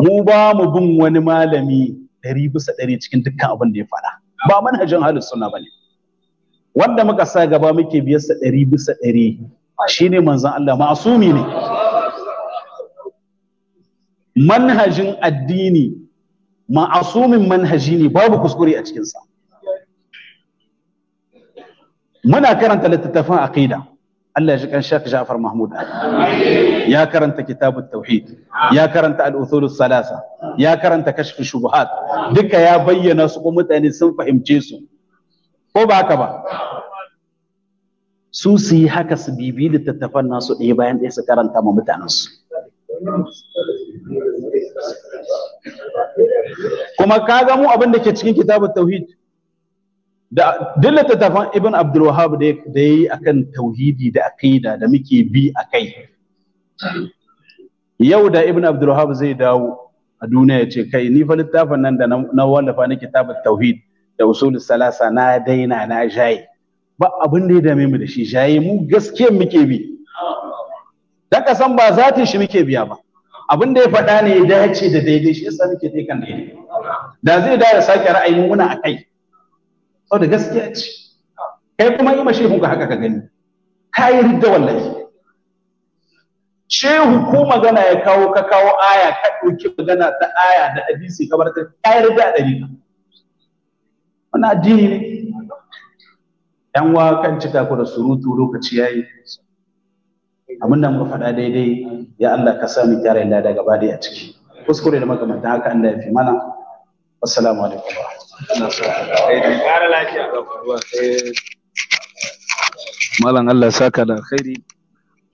mu ba mu bin wani malami ɗari bisa ɗari cikin dukkan abin da ya faɗa ba manhajin halin suna ba ne wanda muka sa gaba muke biyarsa ɗari bisa ɗari shine manzon Allah ma'asumi ne manhajin addini ma'asumin manhaji ne babu kuskure a cikinsa muna karanta littattafan aqida Allah ya ji kan Sheikh Ja'far Mahmud ya karanta kitabut tauhid ya karanta al-usulus salasa ya karanta kashf shubuhat duka ya bayyana su ko mutane sun fahimce su ko ba haka ba su su yi haka su bibi littattafan nasu ɗaya bayan ɗaya su karanta ma mutanensu kuma kaga mu abin da ke cikin kitabun tauhid da duk littattafan ibn abdul wahab da ya yi akan tauhidi da aqida da muke bi akai yau da ibn abdul wahab zai dawo a duniya ya ce kai ni fa littafin nan da na wallafa na kitabun tauhid da usulul salasa na daina na jaye. ba abin da ya dame mu da shi jaye mu gaskiyar muke bi da ka san ba zatin shi muke biya ba abin da ya faɗa ne ya dace da daidai shi yasa muke dai kan daidai da zai da ya sake ra'ayin muna a kai saboda gaskiya ce kai kuma yi ma ka haka ka gani ka yi ridda wallahi shehu ko magana ya kawo ka kawo aya ka ɗauki magana ta aya da hadisi kamar ta ka yi ridda a ɗari wannan addini ne yan wa kan cika ku da surutu lokaci yayi abin da muka faɗa daidai ya Allah ka sa mu gyara yadda daga bada a ciki kuskure da makamanta haka an da ya fi mana assalamu alaikum wa Malam Allah saka da alkhairi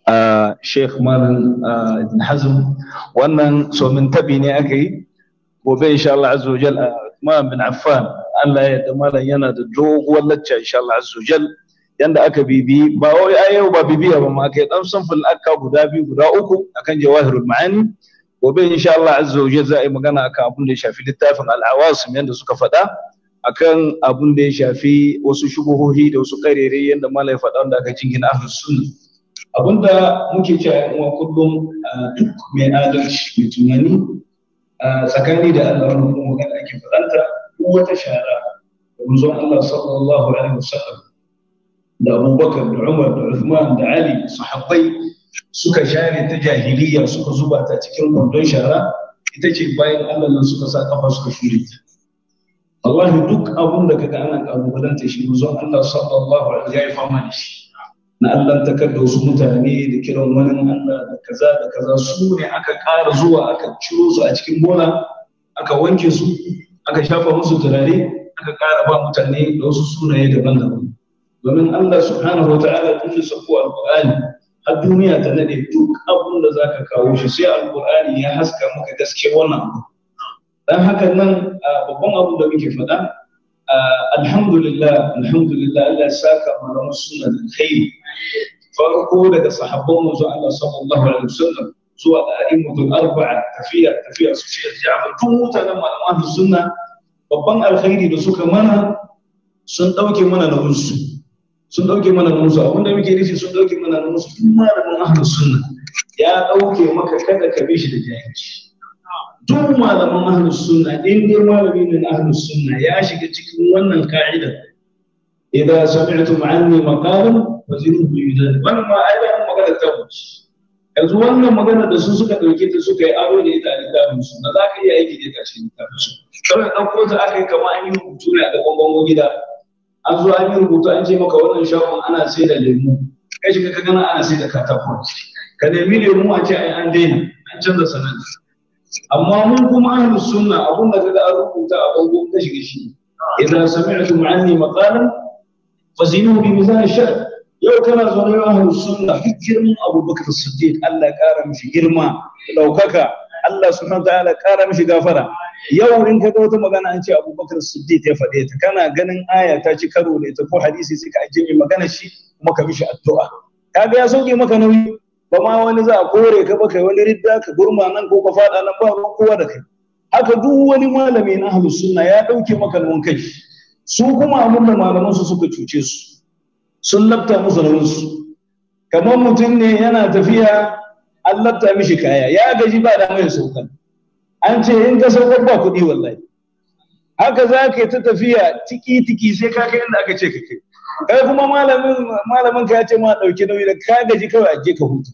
a Sheikh Malam Ibn Hazm wannan so min tabi ne aka yi gobe insha Allah azza wa jalla Malam bin Affan Allah ya yarda malam yana da doguwar lacca insha Allah azza yanda aka bibi ba wai a yau ba bibiya ba ma kai dan samfil akka guda biyu guda uku akan jawahirul ma'ani gobe insha Allah azza za a yi magana akan abun da ya shafi littafin al-awasim yanda suka faɗa akan abun da ya shafi wasu shubuhohi da wasu karere yadda malai faɗa wanda aka jingina a sunna abin da muke cewa uwa kullum duk mai adalci mai tunani tsakani da Allah wannan kuma magana ake faɗanta duk wata shara da manzon Allah sallallahu alaihi wasallam da Abubakar da Umar da Uthman da Ali sahabbai suka share ta jahiliya suka zuba ta cikin kwandon shara ita ce bayan Allah nan suka sa kafa suka shure ta wallahi duk abun da kaga ana kalubalanta shi manzon Allah sallallahu alaihi wasallam ya yi fama da shi na Allah ta da wasu mutane da kiran wani Allah da kaza da kaza su ne aka ƙara zuwa aka ciro su a cikin bola aka wanke su aka shafa musu turare aka ƙara ba mutane da wasu sunaye daban-daban domin Allah subhanahu wata'ala tun da sako alƙur'ani har duniya ta nade duk abun da zaka kawo shi sai Al'Qur'ani ya haska maka gaske wannan abu dan haka nan babban abu da muke faɗa alhamdulillah alhamdulillah Allah ya saka mana sunan alkhairi farko daga sahabban manzo Allah sallallahu alaihi wasallam zuwa ga a'immatul arba'a tafiya tafiya su ce ja'far tun mutanen malaman suna babban alkhairi da suka mana sun dauke mana nausu sun dauke mana nausu abinda muke nufi sun dauke mana nausu duk malamin ahlus sunna ya dauke maka kada ka bi shi da jahilci duk malaman ahlus sunna in dai malami ne na ahlus sunna ya shiga cikin wannan ka'ida idan sami'tum anni maqalan fazinuhu bidan wannan ma ai ba magana ta wuce yanzu wannan magana da su suka ɗauke ta suka yi aro da ita a littafin su na za ka iya aiki da ita ce littafin su kawai ɗauko ta aka yi kama an yi rubutu ne a gaban bango gida an zo an yi rubutu an ce maka wannan shagon ana sai da lemu kai shiga ka gana ana sai da katakon ka nemi lemu a ce ai an daina an canza sanar amma mun kuma ahlu sunna abun da kaga an rubuta a bango ka shiga shi idan sami'tum anni maqalan fazinuhu bi mizan shar yau kana zaune a da fi girman abubakar siddiq allah ya kara mishi girma ɗaukaka allah subhanahu wa ta'ala kara mishi gafara yau in ka ga wata magana an ce abubakar siddiq ya faɗe ta kana ganin aya ta ci karo ne ta ko hadisi sai ka ajiye magana shi kuma ka mishi addu'a kaga ya sauke maka nauyi ba ma wani za a kore ka ba kai wani ridda ka gurma nan ko ka faɗa nan ba ruwan kowa da kai haka duk wani malami na ahlus sunna ya ɗauke maka nauyin kai su kuma abin da malaman su suka cuce su sun labta musu naurinsu kamar mutum ne yana tafiya an labta mishi kaya ya gaji ba da mai sauka an ce in ka saukar ba kuɗi wallahi haka za ka yi ta tafiya tiki-tiki sai ka kai inda aka ce ka kai kai kuma malamin malamin ka ya ce ma ɗauki nauyi da ka gaji kawai a je ka hutu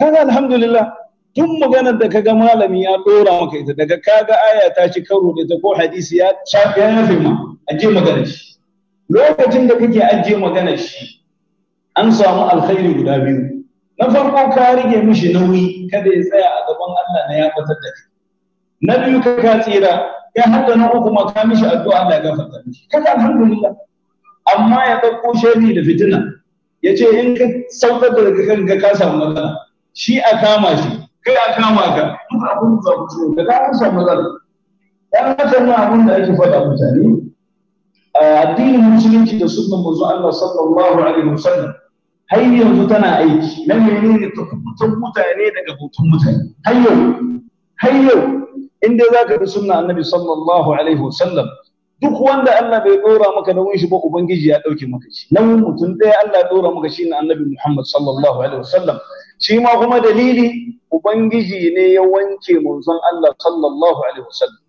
kaga alhamdulillah tun maganar da kaga malami ya ɗora maka ita daga kaga aya ta ci karo da ta ko hadisi ya shafi ya yafe ma a je magana shi lokacin da kake ajiye maganar shi an samu alkhairi guda biyu na farko ka rige mishi nauyi kada ya tsaya a gaban Allah na ya batar da kai na biyu ka ka tsira ya da na uku ma ka mishi addu'a Allah ya gafarta mishi kaga alhamdulillah amma ya dauko sharri da fitina ya ce in ka saukar da kanka ka samu magana shi a kama shi kai a kama ka duk abin da ka ka samu magana dan haka abin da ake faɗa mutane addinin musulunci da sunnan manzo Allah sallallahu alaihi wasallam har yanzu tana aiki na menene ta kubutan mutane daga hutun mutane har yau har yau in dai zaka bi sunna annabi sallallahu alaihi wasallam duk wanda Allah bai dora maka nauyin shi ba ubangiji ya dauke maka shi nauyin mutum ɗaya Allah ya dora maka shi ne annabi Muhammad sallallahu alaihi wasallam shi ma kuma dalili ubangiji ne ya wanke manzon Allah sallallahu alaihi wasallam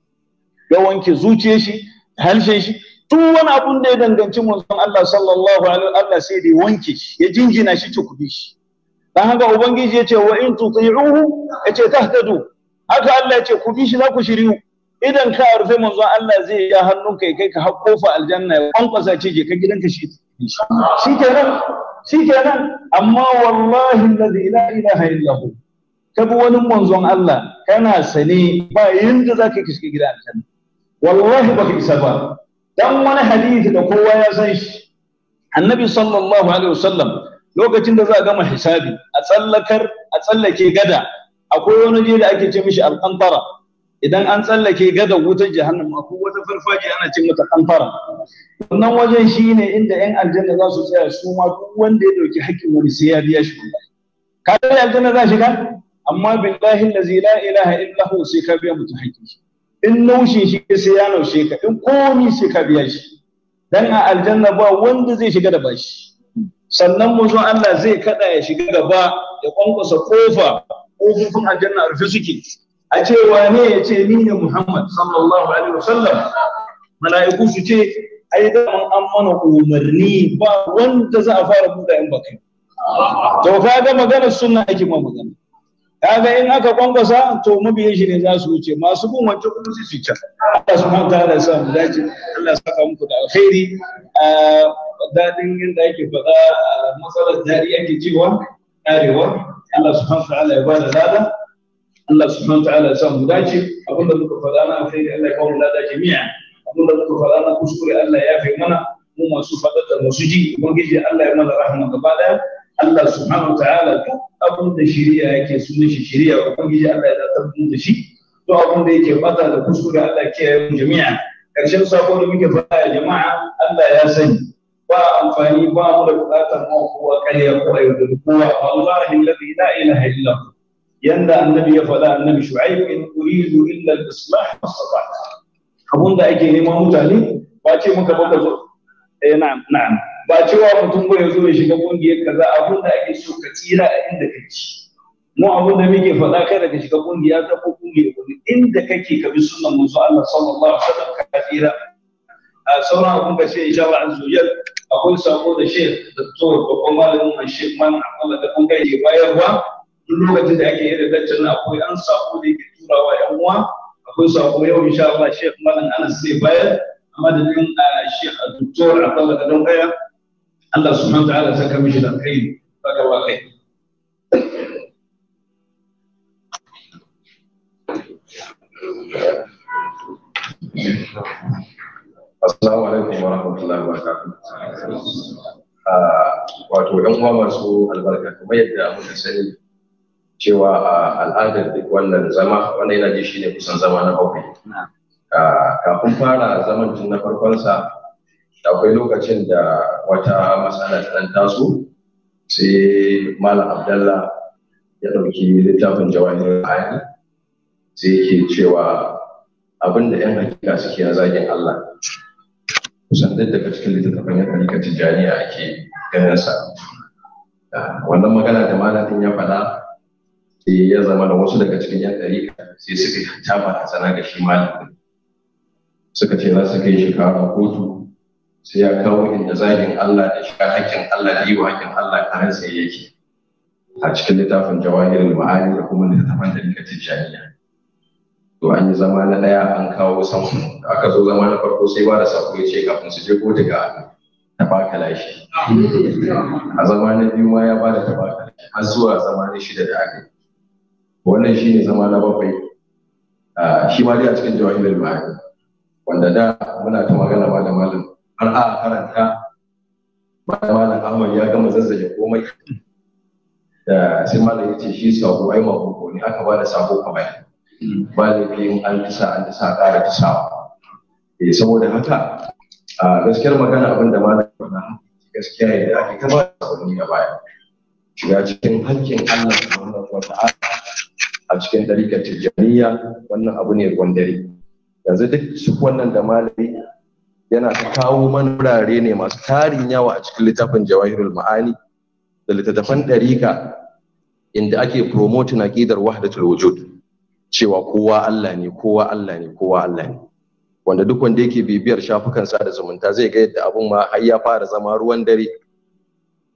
ya wanke zuciyar shi harshen shi duk wani abun da ya danganci manzon Allah sallallahu alaihi wa Allah sai da wanke shi ya jinjina shi tukudi shi dan haka ubangiji yace wa in tuti'uhu yace tahtadu haka Allah yace ku bi shi za ku shiryu idan ka rufe manzon Allah zai ya hannunka ya kai ka har kofa aljanna ya kwankwasa ce je ka gidanka shi shi kenan shi kenan amma wallahi allazi la ilaha illa ka bi wani manzon Allah kana sane ba yanda zaka kishi gida wallahi baka isa ba dan wani hadisi da kowa ya san shi annabi sallallahu alaihi wasallam lokacin da za a gama hisabi a tsallakar a tsallake gada akwai wani je da ake ce mishi alƙantara idan an tsallake gada wutar jahannam akwai wata farfaje ana ce mata ƙantara wannan wajen shine inda yan aljanna za su tsaya su ma duk wanda ya dauki hakkin wani sai ya biya shi ka aljanna za shi ka amma billahi allazi la ilaha illa hu sai ka biya mutum hakkin shi in naushin shi sai ya naushe ka in komi shi ka biya shi dan a aljanna ba wanda zai shiga da bashi sannan mu zo Allah zai kada ya shiga gaba ya kwankwasa kofa kofofin aljanna rufe suke a ce wane ya ce ni ne Muhammad sallallahu alaihi wasallam mala'iku su ce ai da an mana umarni ba wanda za a fara buɗa in ba to fa ga magana sunna ake ma magana kaga in aka kwankwasa to mabiyan shi ne za su wuce masu bin wancan kuma su su can Allah subhanahu ta'ala sa mu dace Allah saka muku da alkhairi dadin yadda ake faɗa matsalar dari ake cewa arewa Allah subhanahu ta'ala ya bada lada Allah subhanahu ta'ala ya sa mu dace abinda muka faɗa na alkhairi Allah ya kawo lada jami'a abinda muka faɗa na kuskure Allah ya fi mana mu masu faɗa da masu ji ubangiji Allah ya mana rahama gaba daya Allah subhanahu wa ta'ala duk abin da shari'a yake sunan shi shari'a ubangiji Allah ya zartar mu da shi duk abin da yake bata da kuskure Allah ke yi jami'a karshen sako da muke fara jama'a Allah ya sani ba amfani ba mu da bukatar mu kowa kariya ko ayyuka kowa wallahi alladhi la ilaha illa yanda annabi ya faɗa annabi shu'aib in uridu illa al-islah mastata'tu abunda ake neman mutane ba ce muka baka zo eh na'am na'am ba cewa mutum ba ya zo ya shiga kungiyar kaza abin da ake so ka tsira a inda ci mu abin da muke faɗa kada ka shiga kungiya ta ko kungiyar wani inda kake ka bi sunan manzo Allah sallallahu alaihi wasallam ka tsira a sauran abin ka sai insha Allah azza wajal akwai sako da shek doktor kuma malamin man shek man Allah da kun kai bayarwa duk lokacin da ake irin lecture akwai an sako da yake turawa yan uwa akwai sako yau insha Allah shek malam Anas zai bayar amma da din shek doktor Abdullah da don kai Allah subhanahu wa ta'ala saka mishi da kai baka wa kai Assalamu alaikum wa rahmatullahi wa barakatuh. Ah, wato ɗan uwa masu albarka kamar yadda muka sani cewa ah, al'adar duk wannan zama wannan yana ji shine kusan zama na bakwai. Ah, kafin fara zaman tun na farkonsa akwai lokacin da wata matsala ta ɗan taso sai malam abdallah ya ɗauki littafin jawahir ayani sai ke cewa abin da 'yan hakika suke na zagin allah kusan duk daga cikin littattafan yan hakika tijjaniya ake ganin sa ah, wannan magana da malamin ya faɗa sai ya zama da wasu daga cikin yan hakika sai suka ta tsana ga shi malamin suka ce za su kai shi kotu sai ya kawo inda zagin Allah da shiga hakkin Allah da yi wa hakkin Allah karen sai yake a cikin littafin jawahirul ma'ani da kuma littafin dalilin tijjaniya to an yi zama na ɗaya an kawo samfun da aka zo zama na farko sai ba da sako ya ce kafin su je ko daga tabaka lashi a zama na biyu ma ya ba da tabaka lashi har zuwa zama na shida da aka yi wannan shi ne zama na bakwai shi ma dai a cikin jawahirul ma'ani wanda da muna ta magana ma da malam har a karanta bayan malam ahmad ya gama zazzaje komai da sai malam ya ce shi sabo ai boko ne aka ba da sabo kamar ba in an tsa an tisa ƙara sa eh saboda haka a gaskiyar magana abin da malam na gaskiya ne da ake kaba sabo ne a baya shiga cikin hakkin Allah subhanahu wa ta'ala a cikin dariƙar tijjaniya wannan abu ne ruwan yanzu duk su wannan da malami yana kawo mana wurare ne masu tarin yawa a cikin littafin jawahirul ma'ani da littattafan ɗarika inda ake promoting aqidar wahdatul wujud cewa kowa Allah ne kowa Allah ne kowa Allah ne wanda duk wanda yake bibiyar shafukan sa da zumunta zai ga yadda abun ma har ya fara zama ruwan dare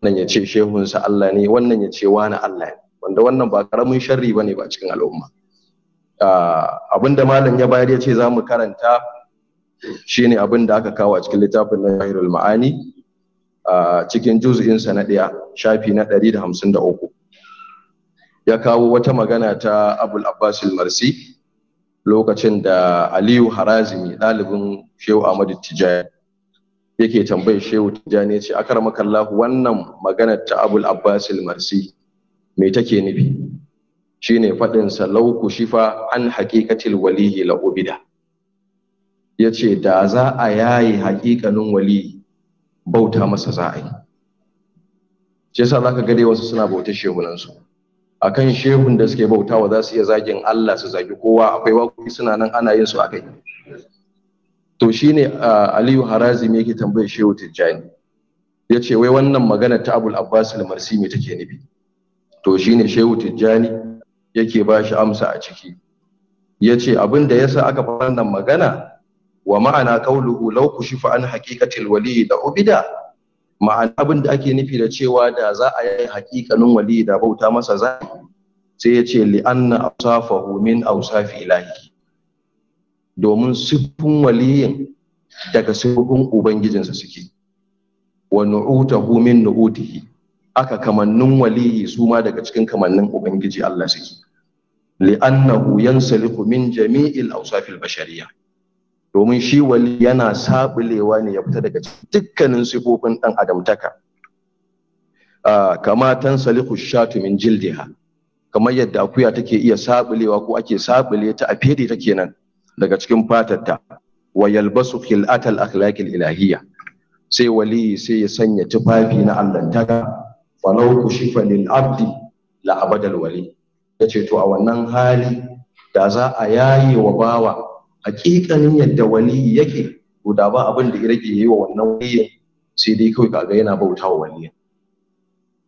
nan ya ce shehunsa Allah ne wannan ya ce wani Allah ne wanda wannan ba karamin sharri bane ba cikin al'umma ah, abinda malam ya bayar ya ce za mu karanta shine abin da aka kawo a cikin littafin na Ma'ani a cikin sa na ɗaya shafi na 153 ya kawo wata magana ta Abul Abbas marsi lokacin da Aliyu Harazimi ɗalibin Shehu Ahmadu Tijani yake tambayar Shehu Tijani ce akar makallahu wannan magana ta Abul Abbas marsi me take nufi shine faɗin sa lauku shifa an haqiqatil walihi la ubida ya ce da za a yayi haƙiƙanin wali bauta masa za a yi ce sa za ka gade wasu suna bauta shehunansu a kan shehun da suke bautawa za su iya zagin Allah su zagi kowa akwai waƙoƙi suna nan ana yin su a kai to ne Aliyu mai yake tambayar shehu Tijjani ya ce wai wannan magana ta Abul Abbas al-Marsimi take nufi to shi ne shehu Tijjani yake ba shi amsa a ciki ya ce abin da sa aka fara nan magana wa ma'ana qawluhu law kushifa an haqiqatil wali da ubida ma'ana abin da ake nufi da cewa da za a yi haƙiƙanin wali da bauta masa za sai ya ce li'anna awsafahu min awsafi ilahi domin siffin waliyin daga siffin ubangijinsa suke wa nu'utahu min nu'utihi aka kamannin waliyi su ma daga cikin kamannin ubangiji Allah suke li'annahu yansaliqu min jami'il awsafil bashariyah domin shi wali yana sabulewa ne ya fita daga dukkanin sifofin ɗan adamtaka kama tan salihu shatu min jildiha kamar yadda akuya take iya sabulewa ko ake sabule ta a fere ta kenan daga cikin ta wa yalbasu khil'atal akhlaqil ilahiyya sai wali sai ya sanya tufafi na allantaka falau kushifa lil abdi la abadal wali yace to a wannan hali da za a yaye wa bawa hakikanin yadda waliyi yake to da ba abin da ya yi wa wannan waliyin sai dai kawai kaga yana bauta wa waliyin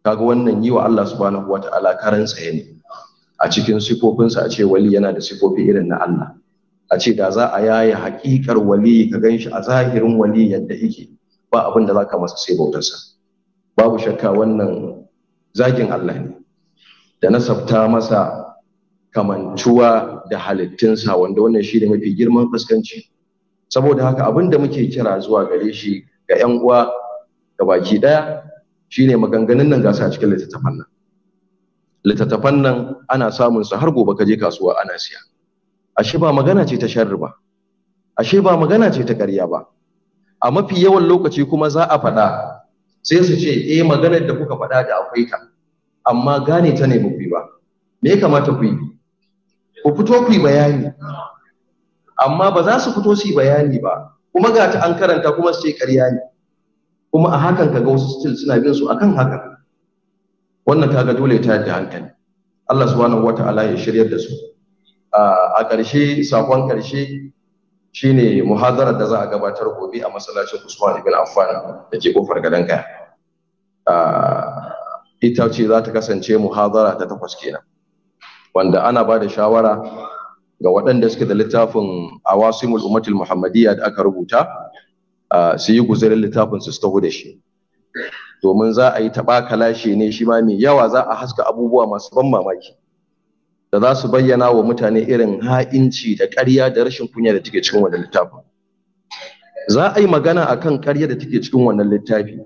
kaga wannan yi wa Allah subhanahu wata'ala karansa ya ne a cikin sifofinsa a ce wali yana da sifofi irin na Allah a ce da za a yaya hakikar wali ka gan shi a zahirin wali yadda yake ba abin da zaka masa sai bautarsa babu shakka wannan zagin Allah ne da nasabta masa kamantuwa da halittunsa wanda wannan shi ne mafi girman fuskanci, saboda haka abin da muke kira zuwa gare shi ga 'yan uwa ga baki ɗaya shi ne maganganun nan gasa a cikin littattafan nan littattafan nan ana samun su har gobe kaje kasuwa ana siya ashe ba magana ce ta sharri ba ashe ba magana ce ta ƙarya ba a mafi yawan lokaci kuma za a faɗa sai su ce eh maganar da kuka faɗa da akwai ta amma gane ta ne mu ba me ya kamata ku yi ku fito ku yi bayani amma ba za su fito su yi bayani ba kuma ga ta an karanta kuma su ce ƙarya ne kuma a hakan ka ga wasu still suna bin su akan hakan wannan kaga dole ta da hankali Allah subhanahu wata'ala ya shiryar da su a ƙarshe sakon ƙarshe shine muhadarar da za a gabatar gobe a masallacin Usman ibn Affan da ke kofar gadon kaya ita ce za ta kasance muhadara ta takwas kenan wanda ana bada shawara ga waɗanda suke da littafin awasimul ummatul muhammadiyya da aka rubuta su yi guzarin littafin su taho da shi domin za a yi taɓa shi ne shi ma mai yawa za a haska abubuwa masu ban mamaki da za su bayyana wa mutane irin ha'inci da ƙarya da rashin kunya da take cikin wannan littafin za a yi magana akan ƙarya da take cikin wannan littafi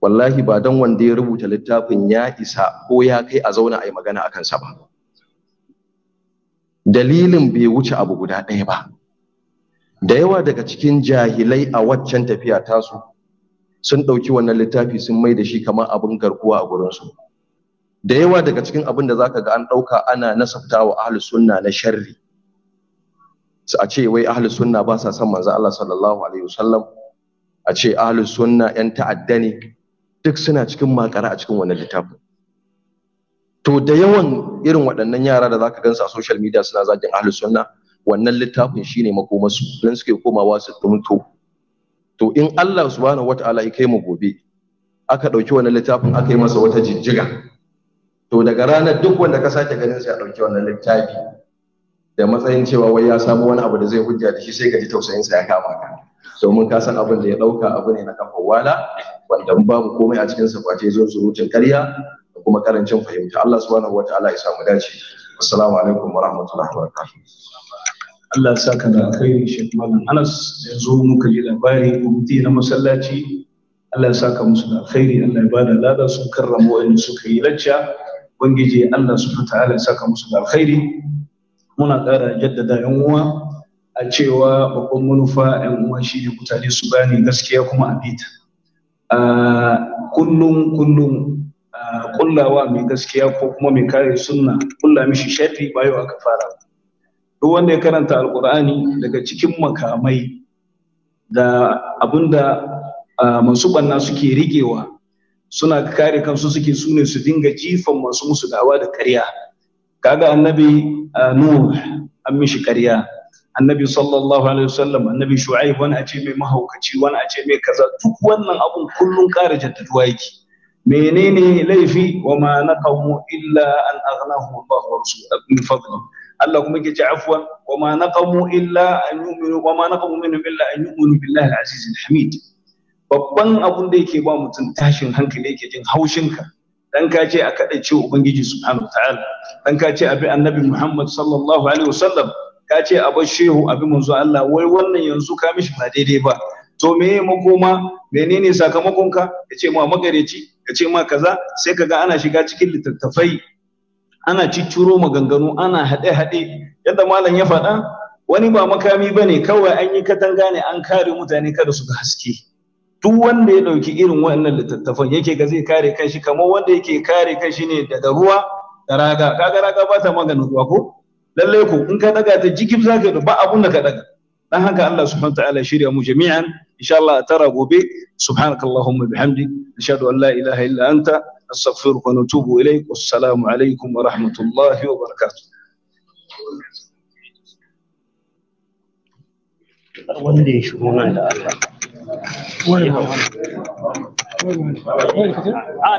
wallahi ba don wanda ya rubuta littafin ya isa ko ya kai a zauna a yi magana akan sa ba dalilin bai wuce abu guda ɗaya ba da yawa daga cikin jahilai a waccan tafiya tasu sun ɗauki wannan littafi sun mai da shi kama abin garkuwa a gurinsu da yawa daga cikin abin da zaka ga an ɗauka ana nasabta wa ahlus sunna na sharri a ce wai ahlus sunna ba sa son manzo Allah sallallahu alaihi wasallam a ce ahlus sunna yan ta'adda ne duk suna cikin makara a cikin wannan littafin to da yawan irin waɗannan yara da zaka gansu a social media suna zagin ahlus sunna wannan littafin shine makomasu nan suke komawa su tumto to in Allah subhanahu wataala ya kai mu gobe aka ɗauki wannan littafin aka yi masa wata jijjiga to daga ranar duk wanda ka sake ganin sai a ɗauki wannan littafi da matsayin cewa wai ya samu wani abu da zai hujja da shi sai ka ji tausayin sa ya kama ka mun ka san abin da ya ɗauka abu ne na kafa wala wanda babu komai a cikin sa kwace zo surutun ƙarya kuma karancin fahimta Allah subhanahu ta'ala ya samu dace assalamu alaikum wa rahmatullahi wa barakatuh Allah ya saka da alkhairi Sheikh Malam Anas yanzu muka ji labari mutum na masallaci Allah ya saka musu da alkhairi Allah ya bada lada su karrama wa'anda suka yi lacca ubangiji Allah subhanahu Ta'ala ya saka musu da alkhairi muna ƙara jaddada yan uwa a cewa babban manufa yan uwa shine mutane su bani gaskiya kuma a bita ah, kullum kullum kullawa mai gaskiya ko kuma mai kare sunna kulla mishi shafi bayo aka fara duk wanda ya karanta alkur'ani daga cikin makamai da abinda masu banna suke rigewa suna kare kansu suke sune su dinga jifan masu musu dawa da karya kaga annabi nuh an mishi ƙarya annabi sallallahu alaihi wasallam annabi shu'aib wani a ce mai mahaukaci wani a ce mai kaza duk wannan abun kullun kare jaddaduwa yake menene laifi wa ma naqamu illa an aghnahu Allah wa rasuluhu min fadli Allah kuma yake afwan wa ma naqamu illa an yu'minu wa ma naqamu minhum illa an yu'minu billahi al-aziz al-hamid babban abun da yake ba mutum tashin hankali yake jin haushinka dan ka ce a kada ce ubangiji subhanahu ta'ala dan ka ce a bi annabi Muhammad sallallahu alaihi wasallam ka ce a bar shehu abi manzo Allah wai wannan yanzu ka mishi ba daidai ba to me makoma menene sakamakon ka ya ce ma magareci ya ce ma kaza sai kaga ana shiga cikin littattafai ana cicciro maganganu ana haɗe-haɗe yadda malam ya faɗa wani ba makami ba ne kawai an yi katanga ne an kare mutane kada su ga haske duk wanda ya ɗauki irin waɗannan littattafan yake ga zai kare kanshi kamar wanda yake kare kanshi ne daga ruwa da raga kaga raga ba ta maganin ruwa ko lallai ko in ka daga ta jikib zaka ba abun da ka daga dan haka Allah subhanahu wa ta'ala shirya mu jami'an ان شاء الله ترغبوا به سبحانك اللهم وبحمدك نشهد ان لا اله الا انت استغفرك ونتوب اليك والسلام عليكم ورحمه الله وبركاته